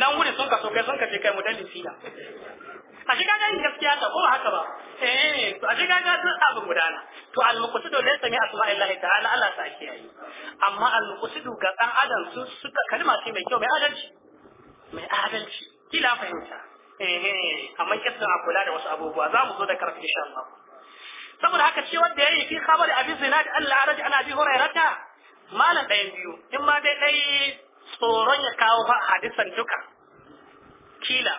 nan wuri sun kaso kai sun kace kai mu dalisi na a shiga ga gaskiya ta kuma haka ba eh to a shiga ga sun abin gudana to al-muqtadu laysa min asma'illahi ta'ala Allah ta kiyaye amma al-muqtadu ga dan adam su suka kalma ce mai kyau mai adalci mai adalci kila fahimta eh, eh amma kisan a kula da wasu abubuwa za mu zo da karfi insha Allah saboda haka ce wanda yayi fi khabari abin zina da Allah araji ana bi hurairata malam ɗayan biyu in ma dai ɗai tsoron ya kawo fa hadisan duka kila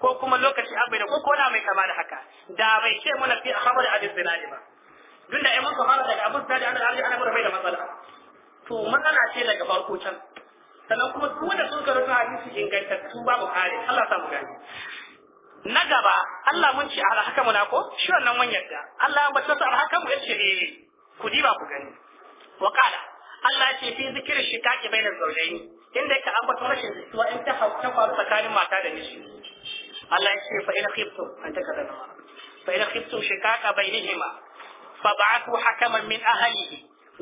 ko kuma lokaci abai da ko na mai kama da haka da bai ce mana fi khabar hadis da ba duk da mun fara daga abin da ana da ana bai da matsala to matsala ce daga farko can sannan kuma duk da sun karanta hadisi ingantattu babu kare Allah ya samu gani na gaba Allah mun ce alhakamu na ko shi wannan mun yarda Allah ya bace su mu yace eh ku diba ku gani wa qala Allah ce fi zikirin bai da zaujaini inda yake ambaton rashin jituwa in ta hauta faru tsakanin mata da miji Allah ya ce fa kifto an ta kaza fa in khiftum shikaka bainihima fa ba'athu hakaman min ahlihi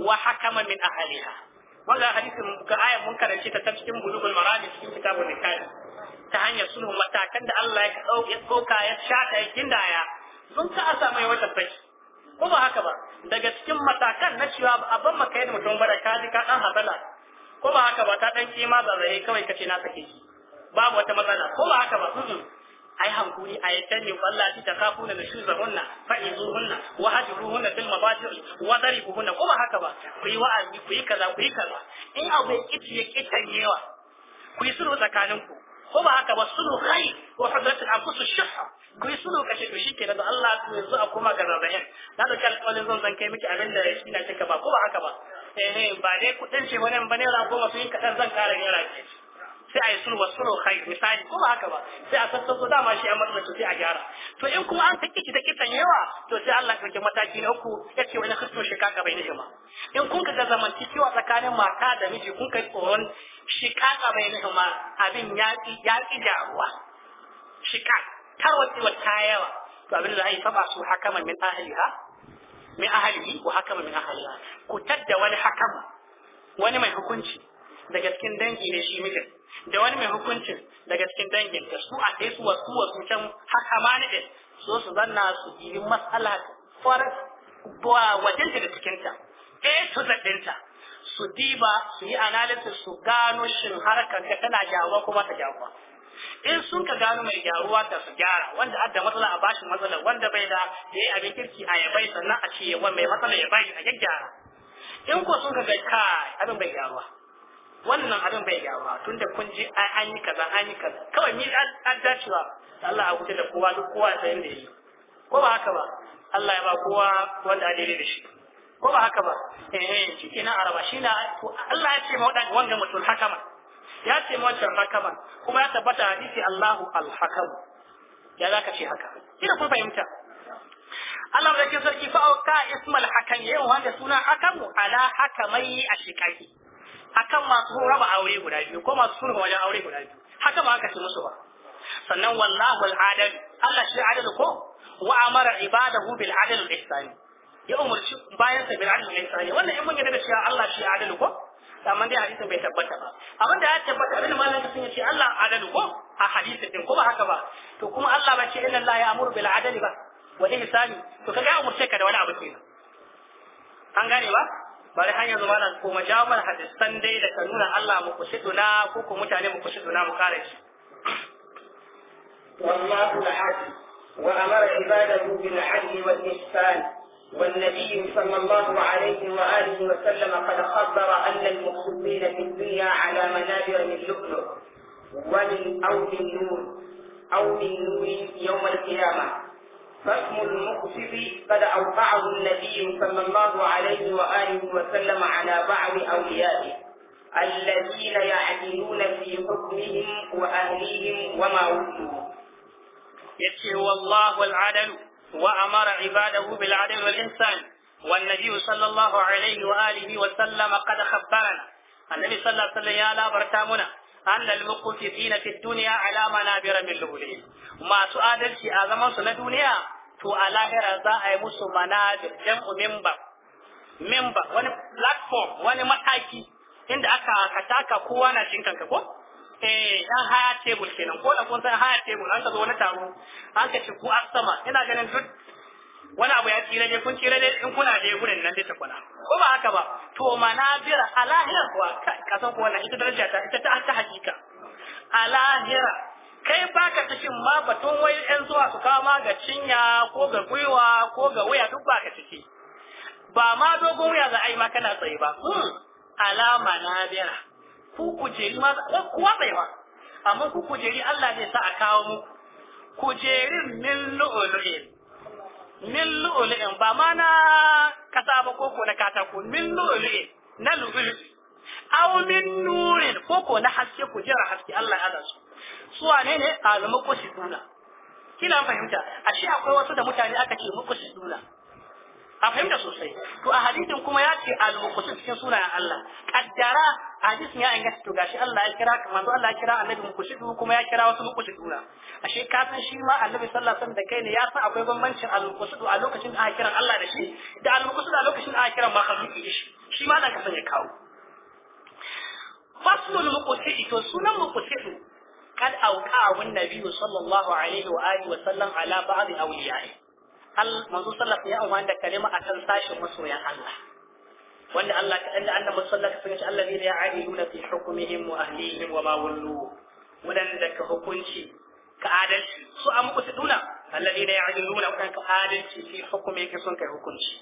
wa hakaman min ahliha wannan hadisin ga ayat mun karanci ta cikin bulugul marami cikin kitabun nikah ta hanyar sulhu matakan da Allah ya dauke tsoka ya shata ya gindaya, sun ka asa mai wata bai, ko ba haka ba daga cikin matakan na cewa a ban maka yadda mutum bara ka ji ka dan hazala ko ba haka ba ta dan kima zazzahe kawai kace na sake shi babu wata matsala ko ba haka ba ai hankuri a yadda ne wallahi ta kafu da nushuzahunna fa izuhunna wa hajruhunna fil mabadi wa daribuhunna ko ba haka ba ku yi wa'azi ku yi kaza ku yi kaza in abu ya kici ya kitanyewa ku yi sulhu tsakaninku ko ba haka ba sulhu khair wa hadratul anfus shuhha ku yi sulu kashe to shike da Allah ku yanzu a kuma ga rarrahin na da kalmalin zan zan kai miki abin da shi na cika ba ko ba haka ba eh ba dai kudin ce wani ba naira goma su yi kadan zan kara naira ke sai a yi sulu wa sulu kai misali ko ba haka ba sai a sassauko dama shi a da sai a gyara to in kuma an saki ki da kitan yawa to sai Allah ya mataki na uku yace wani kasto shi kaka bai nishi ma in kun ka ga wa tsakanin mata da miji kun kai tsoron shi kaka bai nishi ma abin ya ya ki jaruwa shi kaka tarwatsewa ta tayawa. to abin da za a yi faba su hakama min ahliha min ahlihi wa hakama min ahliha ku tadda wani hakama wani mai hukunci daga cikin dangi ne shi mijin da wani mai hukuncin daga cikin dangin da su a kai su wasu wasu can hakama ne din so su zanna su yi matsala far wajen da cikinta ɗaya su ta, su diba su yi analysis su gano shin harkar ga tana jawa kuma ta jawa in sun ka gano mai gyaruwa ta su gyara wanda adda matsala a bashin matsala wanda bai da ya yi abin kirki a ya bai sannan a ce wani mai matsala ya bai a gyara in ko sun ka ga kai abin bai gyaruwa wannan abin bai gyaruwa tunda kun ji an yi kaza an yi kaza kawai ni an dacewa Allah a huta da kowa duk kowa ya san ya yi ko ba haka ba Allah ya ba kowa wanda a daidai da shi ko ba haka ba eh, eh shi na araba shi na Allah ya ce ma wanda mutum haka ma ya ce wancan hakaman kuma ya tabbata hadisi Allahu al-hakam ya za ka ce haka ina kun fahimta Allah da ke sarki fa auka ismal hakan yayin wanda suna hakamu ala hakamai a shikari akan masu sun raba aure guda biyu ko masu sun wajen aure guda biyu haka ba aka ce musu ba sannan wallahu al-adal Allah shi adal ko wa amara ibadahu bil adal al-ihsani ya umarci bayan sa bil adal al-ihsani wannan in mun yarda da cewa Allah shi adal ko amma dai hadisin bai tabbata ba abin da ya tabbata abin da malamin sun ce Allah adalu ko a hadisin din ko ba haka ba to kuma Allah ba ce inna Allah ya amuru bil adali ba wa ihsani to kaga ya umurce ka da wani abu kenan an gane ba bari har yanzu malam ko majamar hadisan dai da ka nuna Allah mu kushiduna ko ko mutane mu kushiduna mu kare shi والله العدل وأمر عباده بالعدل والإحسان والنبي صلى الله عليه وآله وسلم قد خبر أن المخلوقين في الدنيا على منابر من لؤلؤ ومن أو من نور أو من نور يوم القيامة فاسم المقصد قد أوقعه النبي صلى الله عليه وآله وسلم على بعض أوليائه الذين يعدلون في حكمهم وأهليهم وما ولوا يسير والله العدل وأمر عباده بالعدل والإحسان والنبي صلى الله عليه وآله وسلم قد خبرنا النبي صلى الله عليه وسلم يا لا برتامنا أن المقتدين في الدنيا على منابر من لؤلؤ ما سؤال شيء أعظم سنة دنيا تو على هرزا أي مسلمان جمع منبر member wani platform wani mataki inda aka ka taka kowa na shinkanka ko eh yan haya tebul kenan ko da kun san haya tebul an ka zo wani taro an ka ce ku a sama ina ganin duk wani abu ya tsira ne kun tsira ne in kuna da gurin nan dai ta kwana ko ba haka ba to manazira a lahira kuwa ka san ko wannan ita daraja ta ita ta hakika a lahira kai baka cikin ma batun wai yan zuwa su kama ga cinya ko ga gwiwa ko ga wuya duk baka ciki ba ma dogon wuya za a yi ma kana tsaye ba hmm, alama na biyar ku kujeri ma kuwa bai ba amma ku kujeri Allah zai sa a kawo muku kujerin min lu'ulu'in min lu'ulu'in ba ma na kasa ba koko na katako min lu'ulu'in na lu'ulu'in aw min nurin koko na haske kujera haske Allah ya su su wane ne almuqasiduna kila fahimta ashe akwai wasu da mutane aka ce muqasiduna a fahimta sosai to a hadisin kuma ya ce al-muqtasid cikin sunayen Allah kaddara hadisin ya inganta to gashi Allah ya kira kamar Allah ya kira annabi muqtasid kuma ya kira wasu muqtasiduna ashe ka san shi ma annabi sallallahu alaihi wasallam da kai ne ya san akwai bambancin al-muqtasid a lokacin da aka kira Allah da shi da al-muqtasid a lokacin da aka kira makhluki shi shi ma da ka sanya kawo faslul muqtasid to sunan muqtasid kad auqa wan nabiyyu sallallahu alaihi wa alihi wa sallam ala ba'd awliya'i manzo sallallahu ya amfani da kalima a kan sashin masoyan Allah wanda Allah ka inda annabi sallallahu alaihi wasallam Allah ya adiluna fi hukmihim wa ahlihim wa ma wallu wadanda ka hukunci ka adalci su an musuluna alladina ya'diluna wa ka adalci fi hukmihim sun kai hukunci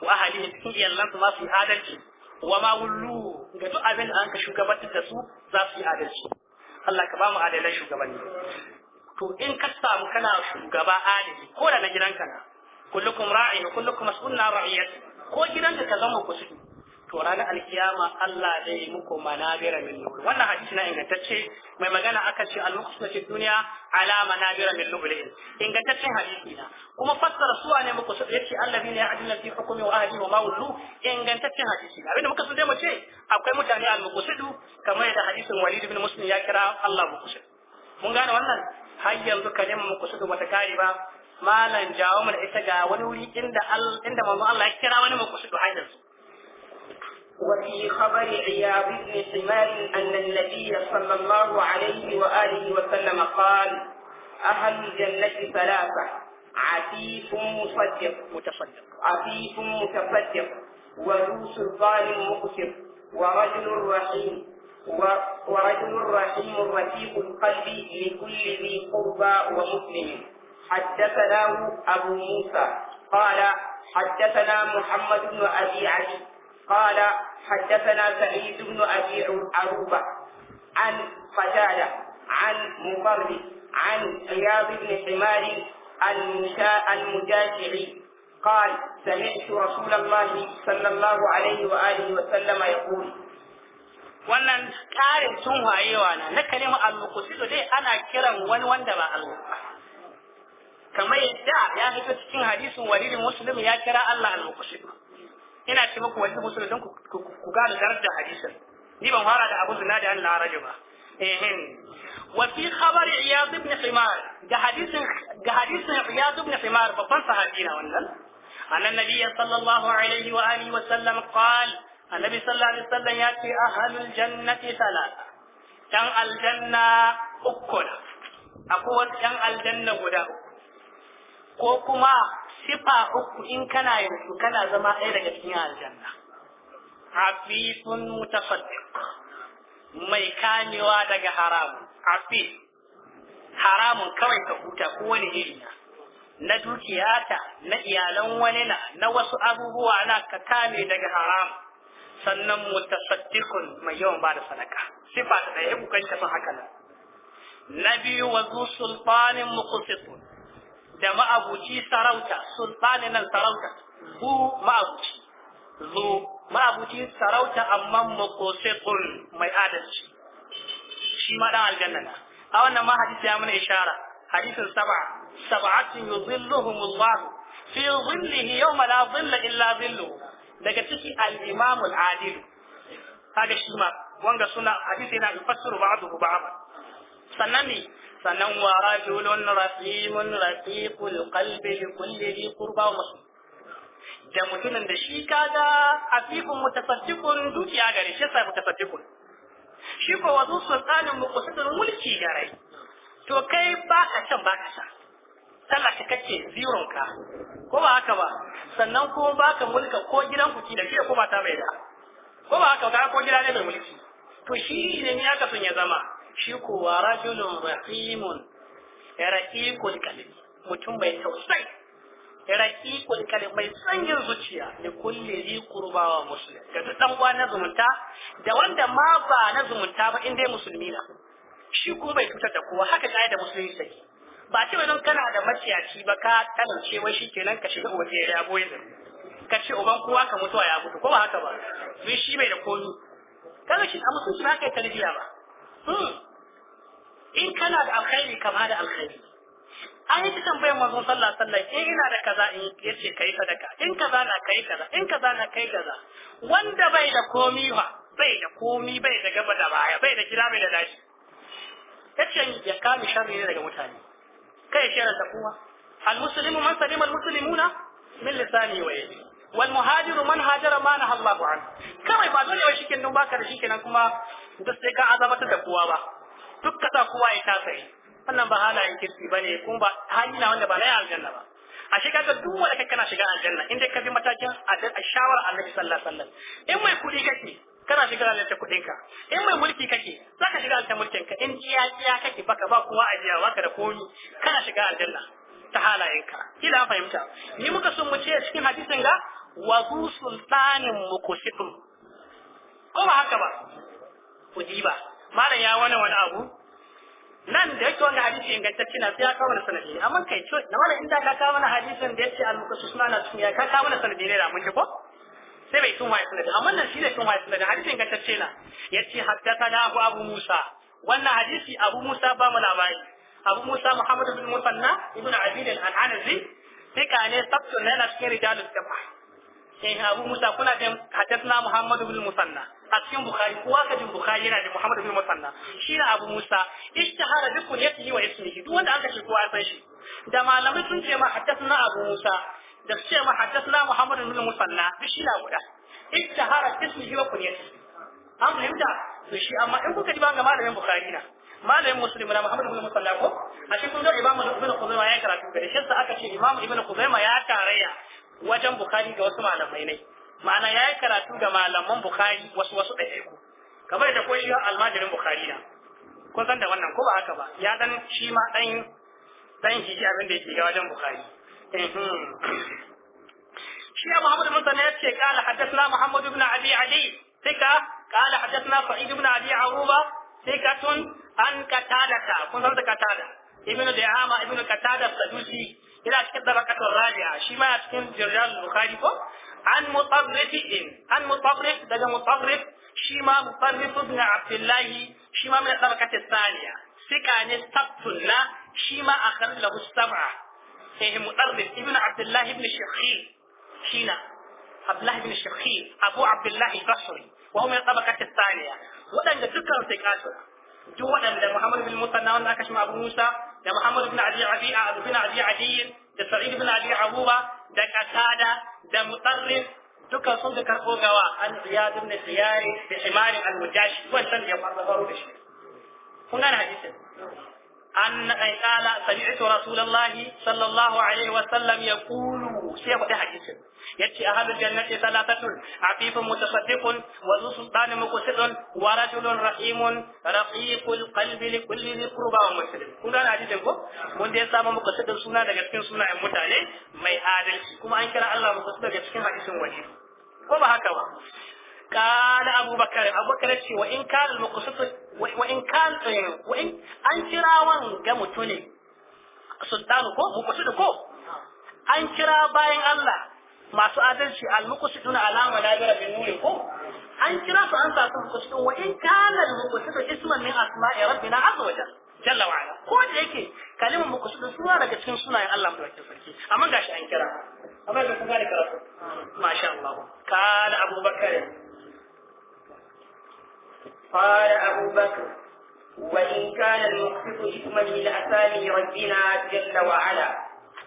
wa ahlihim su ma su adalci wa ma wallu ga duk abin da an ka shugabantar da su za su yi adalci Allah ka ba mu shugabanni to in ka samu kana shugaba adali ko da na gidanka na kullukum ra'in kullukum mas'ulun ra'iyat ko gidanka ka zama ku shi to ranar alkiyama Allah zai yi muku manabira min lubul wannan hadisi na ingantacce mai magana aka ce al-muqsima fi dunya ala manabira min lubul ingantaccen hadisi na kuma fassara suwa ne muku yace allazina ya'diluna fi hukmi wa ahli wa mawlu ingantaccen hadisi abinda muka sun dai mu ce akwai mutane al-muqsidu kamar da hadisin Walid ibn Muslim ya kira Allah muqsid mun gane wannan har yanzu kalimar mu kusa su bata kare ba malan jawo mana ita ga wani wuri inda inda manzo Allah ya kira wani mu kusa da hanyar su وفي خبر عياض بن حمار أن النبي صلى الله عليه وآله وسلم قال أهل الجنة ثلاثة عفيف مصدق متصدق عفيف متصدق وذو سلطان مقصر ورجل رحيم ورجل رحيم رفيق القلب لكل ذي ومسلم حدثناه أبو موسى قال حدثنا محمد بن أبي علي قال حدثنا سعيد بن أبي عروبة عن قتادة عن مقرب عن عياض بن حمار المجاشعي قال سمعت رسول الله صلى الله عليه وآله وسلم يقول wannan tarin tun wayewa na na kalima al-muqsidu dai ana kiran wani wanda ba Allah kamar yadda ya fito cikin hadisin walidin muslim ya kira Allah al-muqsidu ina ce muku walidin muslim don ku gano darajar hadisin ni ban fara da Abu Zinadi an laraji ba ehin wa fi khabar Iyad ibn Himar ga hadisin ga hadisin Iyad ibn Himar babban sahabi na wannan annan nabiyyi sallallahu alaihi wa alihi wa sallam qala annabi sallallahu alaihi wasallam ya ce ahlul jannati salata dan aljanna uku ne akwai wasu dan aljanna guda ko kuma sifa uku in kana yanzu kana zama ɗaya daga cikin aljanna afifun mutafaddiq mai kamewa daga haramun afif haramun kawai ka huta ko wani iri na na dukiyata na iyalan wani na na wasu abubuwa na ka kame daga haramun sannan mutasaddiqun mai yawan bada sadaka sifa ta ɗaya ku kai ka san haka nan na biyu wa zu sultanin muqsitun da ma'abuci sarauta sultanin nan sarauta zu ma'abuci zu ma'abuci sarauta amma muqsitun mai adalci shi ma dan aljanna na a wannan ma hadisi ya mana ishara hadisin sab'a sab'atun yuzilluhumullahu fi dhillihi yawma la dhilla illa dhilluhu daga ciki al-imam al-adil kaga shi ma wanga suna hadisi na yufassiru ba'dahu ba'd sannan ne sannan wa rajulun rahimun rafiqul qalbi li kulli li qurba wa muslim da mutumin da shi kaga afiqun mutasaddiqun dukiya gare shi sai mutasaddiqun shi ko wazu sultanin muqtasidul mulki gare to kai baka can baka san sallah ka kace ziron ka ko ba haka ba sannan kuma baka mulka ko gidan ku da ke ko ba ta mai da ko ba haka ka ko gida ne mai mulki to shi ne ya ka sun ya zama shi ko wa rajulun rahimun raqiqul qalbi mutum bai tausayi raqiqul qalbi mai sanyin zuciya ne kulli qurba wa muslim ta dan uwa na zumunta da wanda ma ba na zumunta ba inda musulmi na shi ko bai cutar da kowa haka kai da musulmi sai ba ce wani kana da maciyaci ba ka shi wai shikenan ka shiga waje ya boye da ka ce uban kowa ka mutuwa ya mutu ko ba haka ba su shi bai da komi kaga shi a mutunci ba kai tarbiya ba hmm. in kana da alkhairi ka ba da alkhairi an yi bayan manzon sallah sallah eh, ke ina da kaza in yace yi sadaka in kaza na kai kaza in kaza na kai kaza wanda bai da komi ba bai da komi bai da gaba da baya bai da gida bai da dashi ce ya kame shari'a daga mutane kai sharanta kowa almuslimu man salima almuslimuna min lisani wa yadi wal muhajiru man hajara ma naha Allahu an kawai ba dole wai shikin dun baka da shikenan kuma duk sai ka azabatar da kuwa ba duk ka kuwa kowa ya tasiri wannan ba halayen kirki bane kuma ba hali na wanda ba na aljanna ba a shiga ga duk wanda kana shiga aljanna in dai ka bi matakin a shawar annabi sallallahu alaihi wasallam in mai kudi kake kana shiga halittar kuɗin ka in mai mulki kake za ka shiga halittar mulkin ka in jiya jiya kake baka ba kowa ajiya baka da komi kana shiga aljanna ta halayenka kila fahimta ni muka so mu ce cikin hadisin ga wa zu sultanin mukusitun ko ba haka ba ku ji ba malam ya wani wani abu nan da yake wanda hadisi ingantacce na sai ya kawo mana sanadi amma kai to na malam inda ka kawo mana hadisin da yake al-mukasu suna na cikin ya ka kawo mana sanadi ne da mun ji ko sai bai tun waye sanadin amma nan shi ne tun waye sanadin hadisin gantacce na yace haddathana abu abu musa wannan hadisi abu musa ba mu labari abu musa muhammad bin musanna ibn abid al-anazi sika ne sabtu ne na cikin rijalus jama'a sai abu musa kuna jin haddathana muhammad ibn musanna a cikin bukhari kowa ka jin bukhari yana da muhammad ibn musanna shi na abu musa ishtahara bi kunyatihi wa ismihi duk wanda aka ce kowa san shi da malamai sun ce ma haddathana abu musa da su ce ma Muhammadu Muhammad ibn Musanna duk shi na guda ittahara ismihi hiwa kunyati an fahimta to shi amma in kuka ji ba ga malamin Bukhari na malamin Muslim na Muhammadu ibn Musanna ko a shi kun ga Imam Ibn Khuzaima ya karatu da shi aka ce Imam Ibn Khuzaima ya tarayya wajen Bukhari ga wasu malamai ne ma'ana ya yi karatu ga malaman Bukhari wasu wasu ɗaiɗaiku kamar da koyi almajirin Bukhari na kun san da wannan ko ba haka ba ya dan shi ma dan dan hiji abin da yake ga wajen Bukhari Mm-hmm. shi ya Muhammad bin Sanad yace qala haddathna Muhammad ibn Abi Ali sika qala haddathna Sa'id ibn Abi Aruba sikatun an katadata kun san katada ibn Da'ama ibn Katada Sadusi ila cikin dabaqatul rabi'a shi ma a cikin jirjan Bukhari ko an mutarrifin an mutarrif daga mutarrif shi ma mutarrif ibn Abdullah shi ma min dabaqatul thaniya sika shi ma sab'a sai mudarris ibn abdullahi ibn shakhir shina abdullahi ibn shakhir abu abdullahi basri wa hum min tabaqati thaniya wadanda dukkan sai kafira duk wadanda muhammad bin musanna wanda aka shima abu musa da muhammad bin ali abi'a bin ali adiyin da sa'id bin ali abuba da qatada da mudarris duka sun da karɓo gawa an ziyadun da siyari da imanin al-mujashi wannan ya faru da shi kun gane hadisin an kala sami'tu rasulullahi sallallahu alaihi wa sallam ya kulu sai ya faɗi hadisi ya ce ahalu jannati salatatul afifun mutasaddiqun wa zu sultan muqsidun wa rajulun rahimun raqiqul qalbi wa muslim kun da ko mun da yasa muku suna daga cikin sunayen mutane mai adalci kuma an kira Allah muku sadan daga cikin hadisin waje ko ba haka ba قال أبو بكر أبو بكر وإن كان المقصود wa'in kan eh, wa'in an kira ga mutune sultanu ko mukusudu ko an kira bayan Allah masu adalci al na alama ladira bin nuri ko an kira su an sa su muqsidun wa in kana al-muqsidu isman min asma'i rabbina azza wa jalla jalla wa ala ko da yake kalimar muqsidu suna daga cikin sunayen Allah madaukakin sarki amma gashi an kira amma da kuma da karatu masha Allah kana Abubakar قال أبو بكر وإن كان المقسط اسما من أسامي ربنا جل وعلا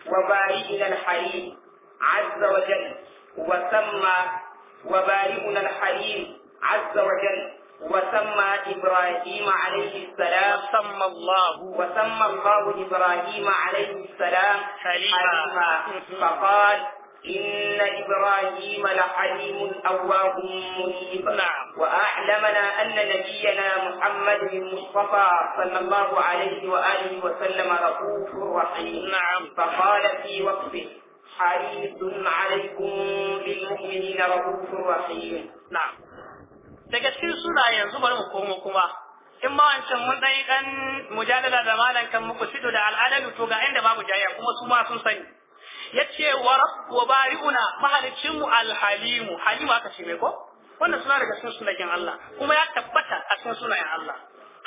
وبارئنا الحليم عز وجل وسمى وبارئنا الحليم عز وجل وسمى إبراهيم عليه السلام سمى الله وسمى الله إبراهيم عليه السلام حليما فقال إن إبراهيم لحليم أواه منيب وأعلمنا أن نبينا محمد المصطفى صلى الله عليه وآله وسلم رؤوف رحيم فقال في وقفه حريص عليكم بالمؤمنين رؤوف رحيم نعم daga cikin sura yanzu bari mu komo kuma in ma wancan mun dai dan mujadala da malan kan muku sido da al'adalu to ga inda babu jayya kuma su ma sun sani yace wa wa bari'una mahalicin mu alhalimu halimu aka ce me ko wannan suna daga cikin sunayen Allah kuma ya tabbata a cikin sunayen Allah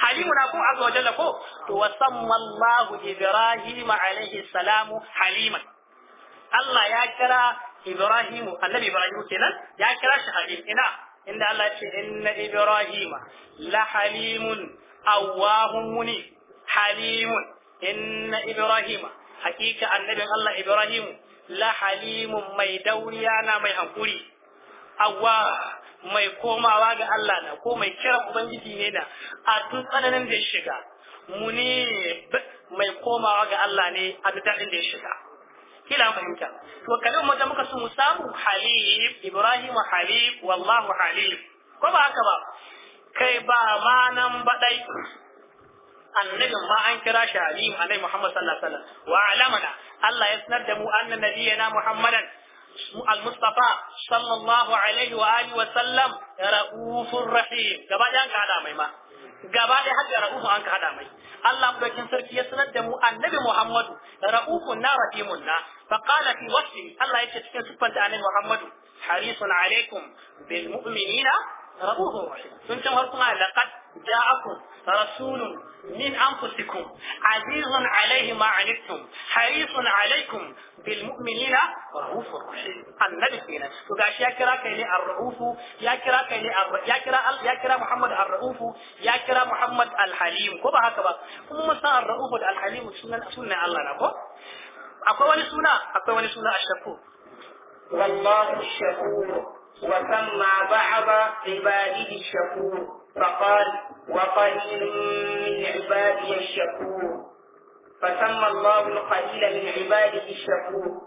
halimu na ko azza wajalla ko to wa ibrahim alaihi salamu haliman Allah ya kira Ibrahim annabi Ibrahim kenan ya kira shi halim ina inda Allah ya ce inna ibrahima la halimun awwahun muni halimun inna ibrahima hakika annabin Allah Ibrahim la halimun mai dauriya na mai hankuri awwa mai komawa ga Allah na ko mai kiran ubangiji ne na a duk tsananin da ya shiga muni mai komawa ga Allah ne a duk da ya shiga kila fahimta to kalin mu da muka su musamu halim ibrahim halim wallahu halim ko ba haka ba kai ba ma nan badai annabin ma an kira shi alim annabi Muhammad sallallahu alaihi wasallam wa alamana Allah ya sanar da mu anna nabiyana Muhammadan al-Mustafa sallallahu alaihi wa alihi wa sallam raufur rahim gaba da ka hada mai ma gaba da hadda raufu an ka hada mai Allah mudaukin sarki ya sanar da mu annabi Muhammadu raufun na rahimun na fa qala fi wasfi Allah ya ce cikin sifar da annabi Muhammadu harisun alaikum bil mu'minina raufur rahim sun can har kuma laqad جاءكم رسول من أنفسكم عزيز عليه ما عنتم حريص عليكم بالمؤمنين رؤوف رحيم النبي فينا وقاش يا كرا كيلي الرؤوف يا كرا كيلي يا كرا يا كرا محمد الرؤوف يا كرا محمد الحليم كوبا هكذا ثم صار الرؤوف الحليم سنة سنة الله نبو أقوى سنة أقوى سنة الشكور والله الشكور وسمى بعض عباده الشكور فقال وقليل من عبادي الشكور فسمى الله القليل من عباده الشكور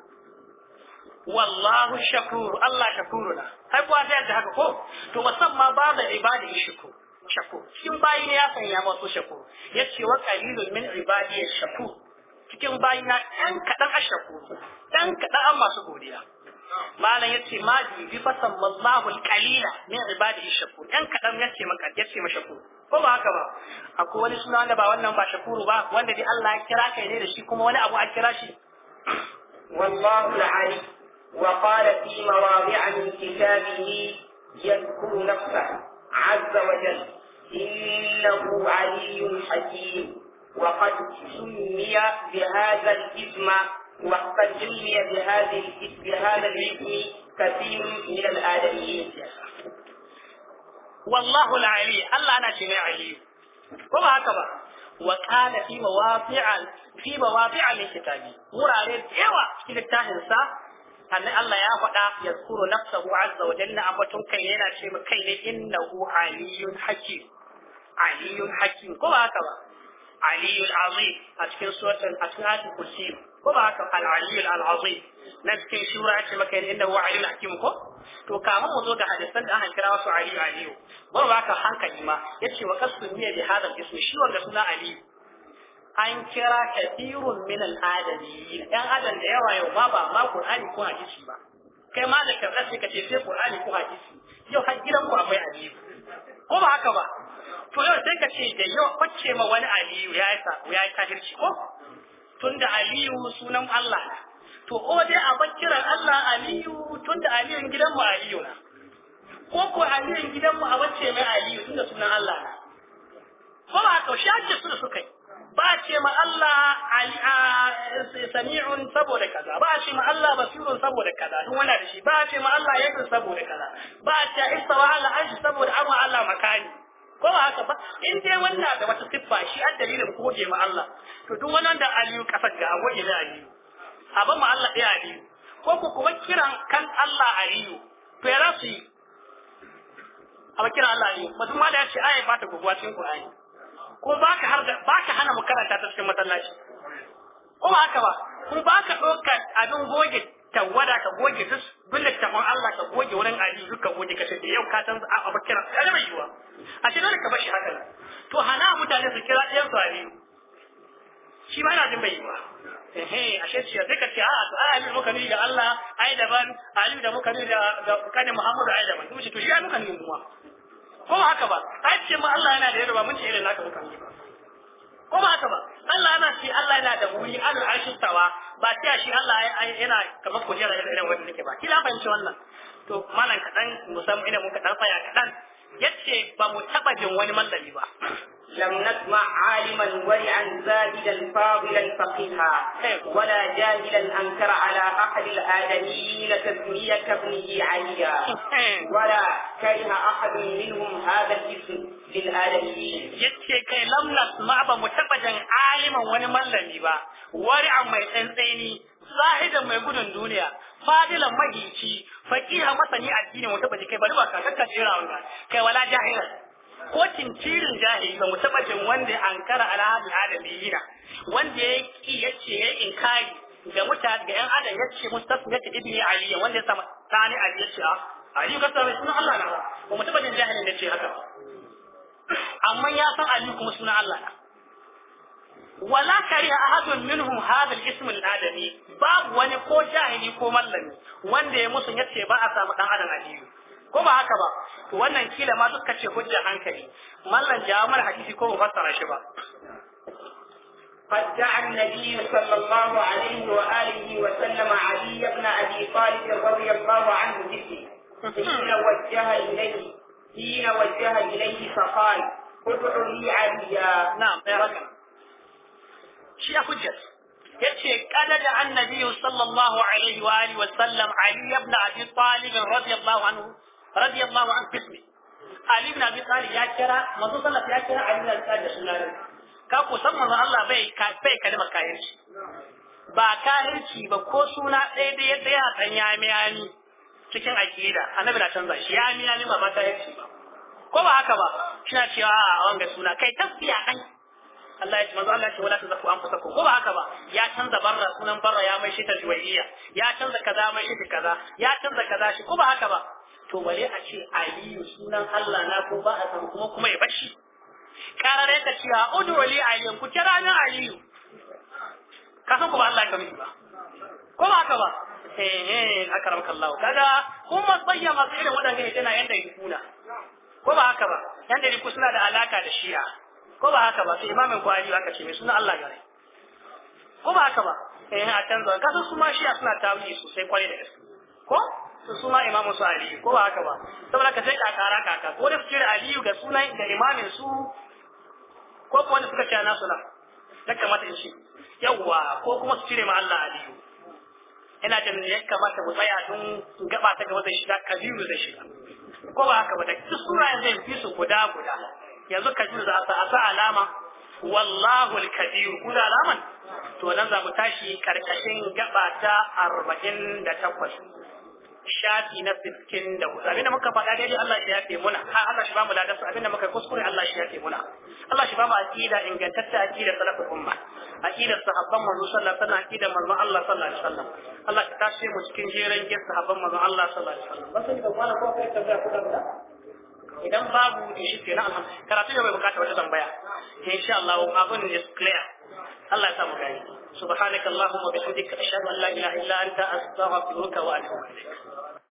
والله الشكور الله شكورنا هاي بوا زي هكا كو تو وسمى بعض عباده الشكور شكور cikin باين يا سن يا masu shakur ya ce wa qalilun min ibadi shakur cikin bayi na ɗan kaɗan a ما ɗan kaɗan malam yace ma bi fa sallallahu alqalila min ibadihi shakur dan kadan yace maka yace ma shakur ko ba haka ba akwai wani suna wanda ba wannan ba shakuru ba wanda dai Allah ya kira kai ne da shi kuma wani abu a kira shi wallahu alali wa qala fi mawadi'a min kitabihi yadhkuru nafsahu azza wa jalla innahu aliyyun hakim وقد سمي بهذا الاسم وقد جلي بهذه بهذا الاسم كثير من الآدميين والله العلي الله أنا شميع علي وما هكذا وكان في مواضع في مواضع الكتاب مرارة يوا في التاهنسا أن الله يا فدا يذكر نفسه عز وجل أبتون كي ينا شيء كي إنه علي حكيم علي حكيم كما هكذا aliyul azim a cikin suratul a cikin ayatul ko ba haka al aliyul al azim na cikin shura ce maka inna huwa aliyul hakim ko to kamar mu zo ga hadisan da aka kira su aliyu aliyu ba ba ka hankali ma yace wa kasu niyya bi hadal ismi shi wanda suna aliyu an kira kathirun min al adami dan adam da yawa yau ba ba ma qur'ani ko hadisi ba kai ma ka sai qur'ani yau ku aliyu ko ba ba to yau sai ka ce da yau kwace ma wani aliyu ya yi ya yi kafirci ko tunda aliyu sunan Allah na to ko dai a bar Allah aliyu tunda aliyun gidan mu aliyu na ko ko aliyun gidan mu a bacce mai aliyu tunda sunan Allah na ko ba to shace su da suka yi ba ce ma Allah sami'un saboda kaza ba ce ma Allah basirun saboda kaza duk wanda da shi ba ce ma Allah yadda saboda kaza ba ce istawa Allah arshi saboda amma Allah makani ko ba haka ba in dai wannan da wata siffa shi an dalilin goge ma Allah to duk wannan da aliyu kasar ga goge da aliyu a ban ma Allah ɗaya aliyu ko ku kuma kiran kan Allah aliyu to ya rasu su yi a ba kiran Allah aliyu mutum ma da ya ce ayi ba ta guguwa cikin Qur'ani ko ba ka har ba ka hana mu karanta ta cikin masallaci ko ba haka ba ko ba ka ɗaukar abin goge tawada ka goge duk littafin Allah ka goge wurin Ali duk ka goge kashe da eh, yau ka san a abu kira kada bai yiwa a ce dole ka bashi haka to hana mutane su kira ɗayan su Ali shi ba yana jin bai yiwa eh a ce shi sai ka ce a to Ali muka ni da Allah ai daban Ali da muka ni da kanin Muhammadu ai daban to ce to shi ai muka ni kuma ko haka ba ai ce mu Allah yana da yadda ba mun ce irin naka muka ni ba ko ba haka ba Allah yana ce Allah yana da wuri alul arshi tawa ba sai shi Allah yana kamar kujera irin wanda nake ba kila fahimci wannan to malam kaɗan musamman ina muka ɗan tsaya kaɗan yace ba mu taɓa jin wani mallami ba لم نسمع عالما ورعا زاهدا فاضلا فقيها ولا جاهلا انكر على احد الادميين تسميه ابنه عليا ولا كره احد منهم هذا الاسم للادميين ce kai lamlas ma ba mu taɓa jan aliman wani mallami ba wari'an mai tsantsaini zahidan mai gudun duniya fadilan magici Fakiha, masani addini mu taɓa kai bari ba ka kakka jira wannan kai wala jahila ko tintirin jahili ba mu taɓa jan wanda ankara ala hadin adamiyina wanda ya ki yace ya inkari ga mutane ga yan adam yace mustafa yace ibni ali wanda ya sama tani ali yace a ah, ayyuka sabai sunan Allah na ba mu taɓa jan jahilin ce haka ba amma ya san ali kuma suna Allah na wala kariha ahadun minhum hadha al-ism al-adami babu wani ko jahili ko mallami wanda ya musu yace ba a samu dan adam aliyu ko ba haka ba wannan kila ma duk kace hujjar hankali mallan jawo jami'ar hadisi ko ba fassara shi ba قد دعا النبي صلى الله عليه وآله وسلم علي بن أبي طالب رضي الله عنه به حين وجه إليه حين وجه إليه فقال ادع لي عليا نعم يا رجل شيء حجة yace kada da annabi sallallahu alaihi wa alihi wa sallam ali ibn abi talib radiyallahu anhu radiyallahu anhu bismi ali ibn abi talib ya kira manzo sallallahu ya kira ali ibn abi talib sunan ka ku san manzo Allah bai ka bai kalmar kayanci ba kahirci ba ko suna ɗaya da yadda ya san ya mi cikin aqida annabi na canza shi ya amina ni ba mata yace ba ko ba haka ba kina cewa a wanga suna kai tafiya dan Allah ya ce manzo Allah ya ce wala tazaku anfusakum ko ba haka ba ya canza barra sunan barra ya mai shi ta juwayya ya canza kaza mai shi kaza ya canza kaza shi ko ba haka ba to bare a ce aliyu sunan Allah na ko ba a san kuma kuma ya bashi karare ka cewa udu wali aliyu ku kira ni aliyu ka san ku ba Allah ya kamishi ba ko ba haka ba eh eh akaramka Allah kaga kuma tsayya masu irin waɗanda ne tana yanda yi kuna ko ba haka ba yanda yi suna da alaka da shi'a ko ba haka ba sai imamin kwari aka ce mai suna Allah gare ko ba haka ba eh a canza zuwa kasan su ma shi'a suna tawili sosai kwarai da gaske ko su suma imamu su aliyu ko ba haka ba saboda ka sai kakara kaka ko da su cire aliyu ga sunan da imamin su ko kuma wanda suka cana suna da kamata in ce yawwa ko kuma su cire ma Allah aliyu ina da ya kamata mu tsaya don gaba ta gaba da shiga kabiru da shiga ko ba haka ba da su sura yanzu in fisu guda guda yanzu kabiru za a sa alama wallahu Kabiru guda kuna alaman to nan za mu tashi karkashin gaba ta 48 shafi na da 64 abinda muka faɗa daidai Allah shi yafe muna Allah shi bamu ladan su abinda muka kuskure Allah shi yafe muna Allah shi bamu aqida ingantacce aqida salafin umma aqida sahabban manzo sallallahu alaihi wasallam aqida manzo Allah sallallahu alaihi wasallam Allah ka tashi mu cikin jeran gis sahabban manzo Allah sallallahu alaihi wasallam basu da wala ko kai tabbata ku da idan babu da shi kenan karatu da bai bukata wata tambaya insha Allah abun is clear Allah ya sa mu gani subhanakallahumma wa bihamdika ashhadu an la ilaha illa anta astaghfiruka wa atubu ilaik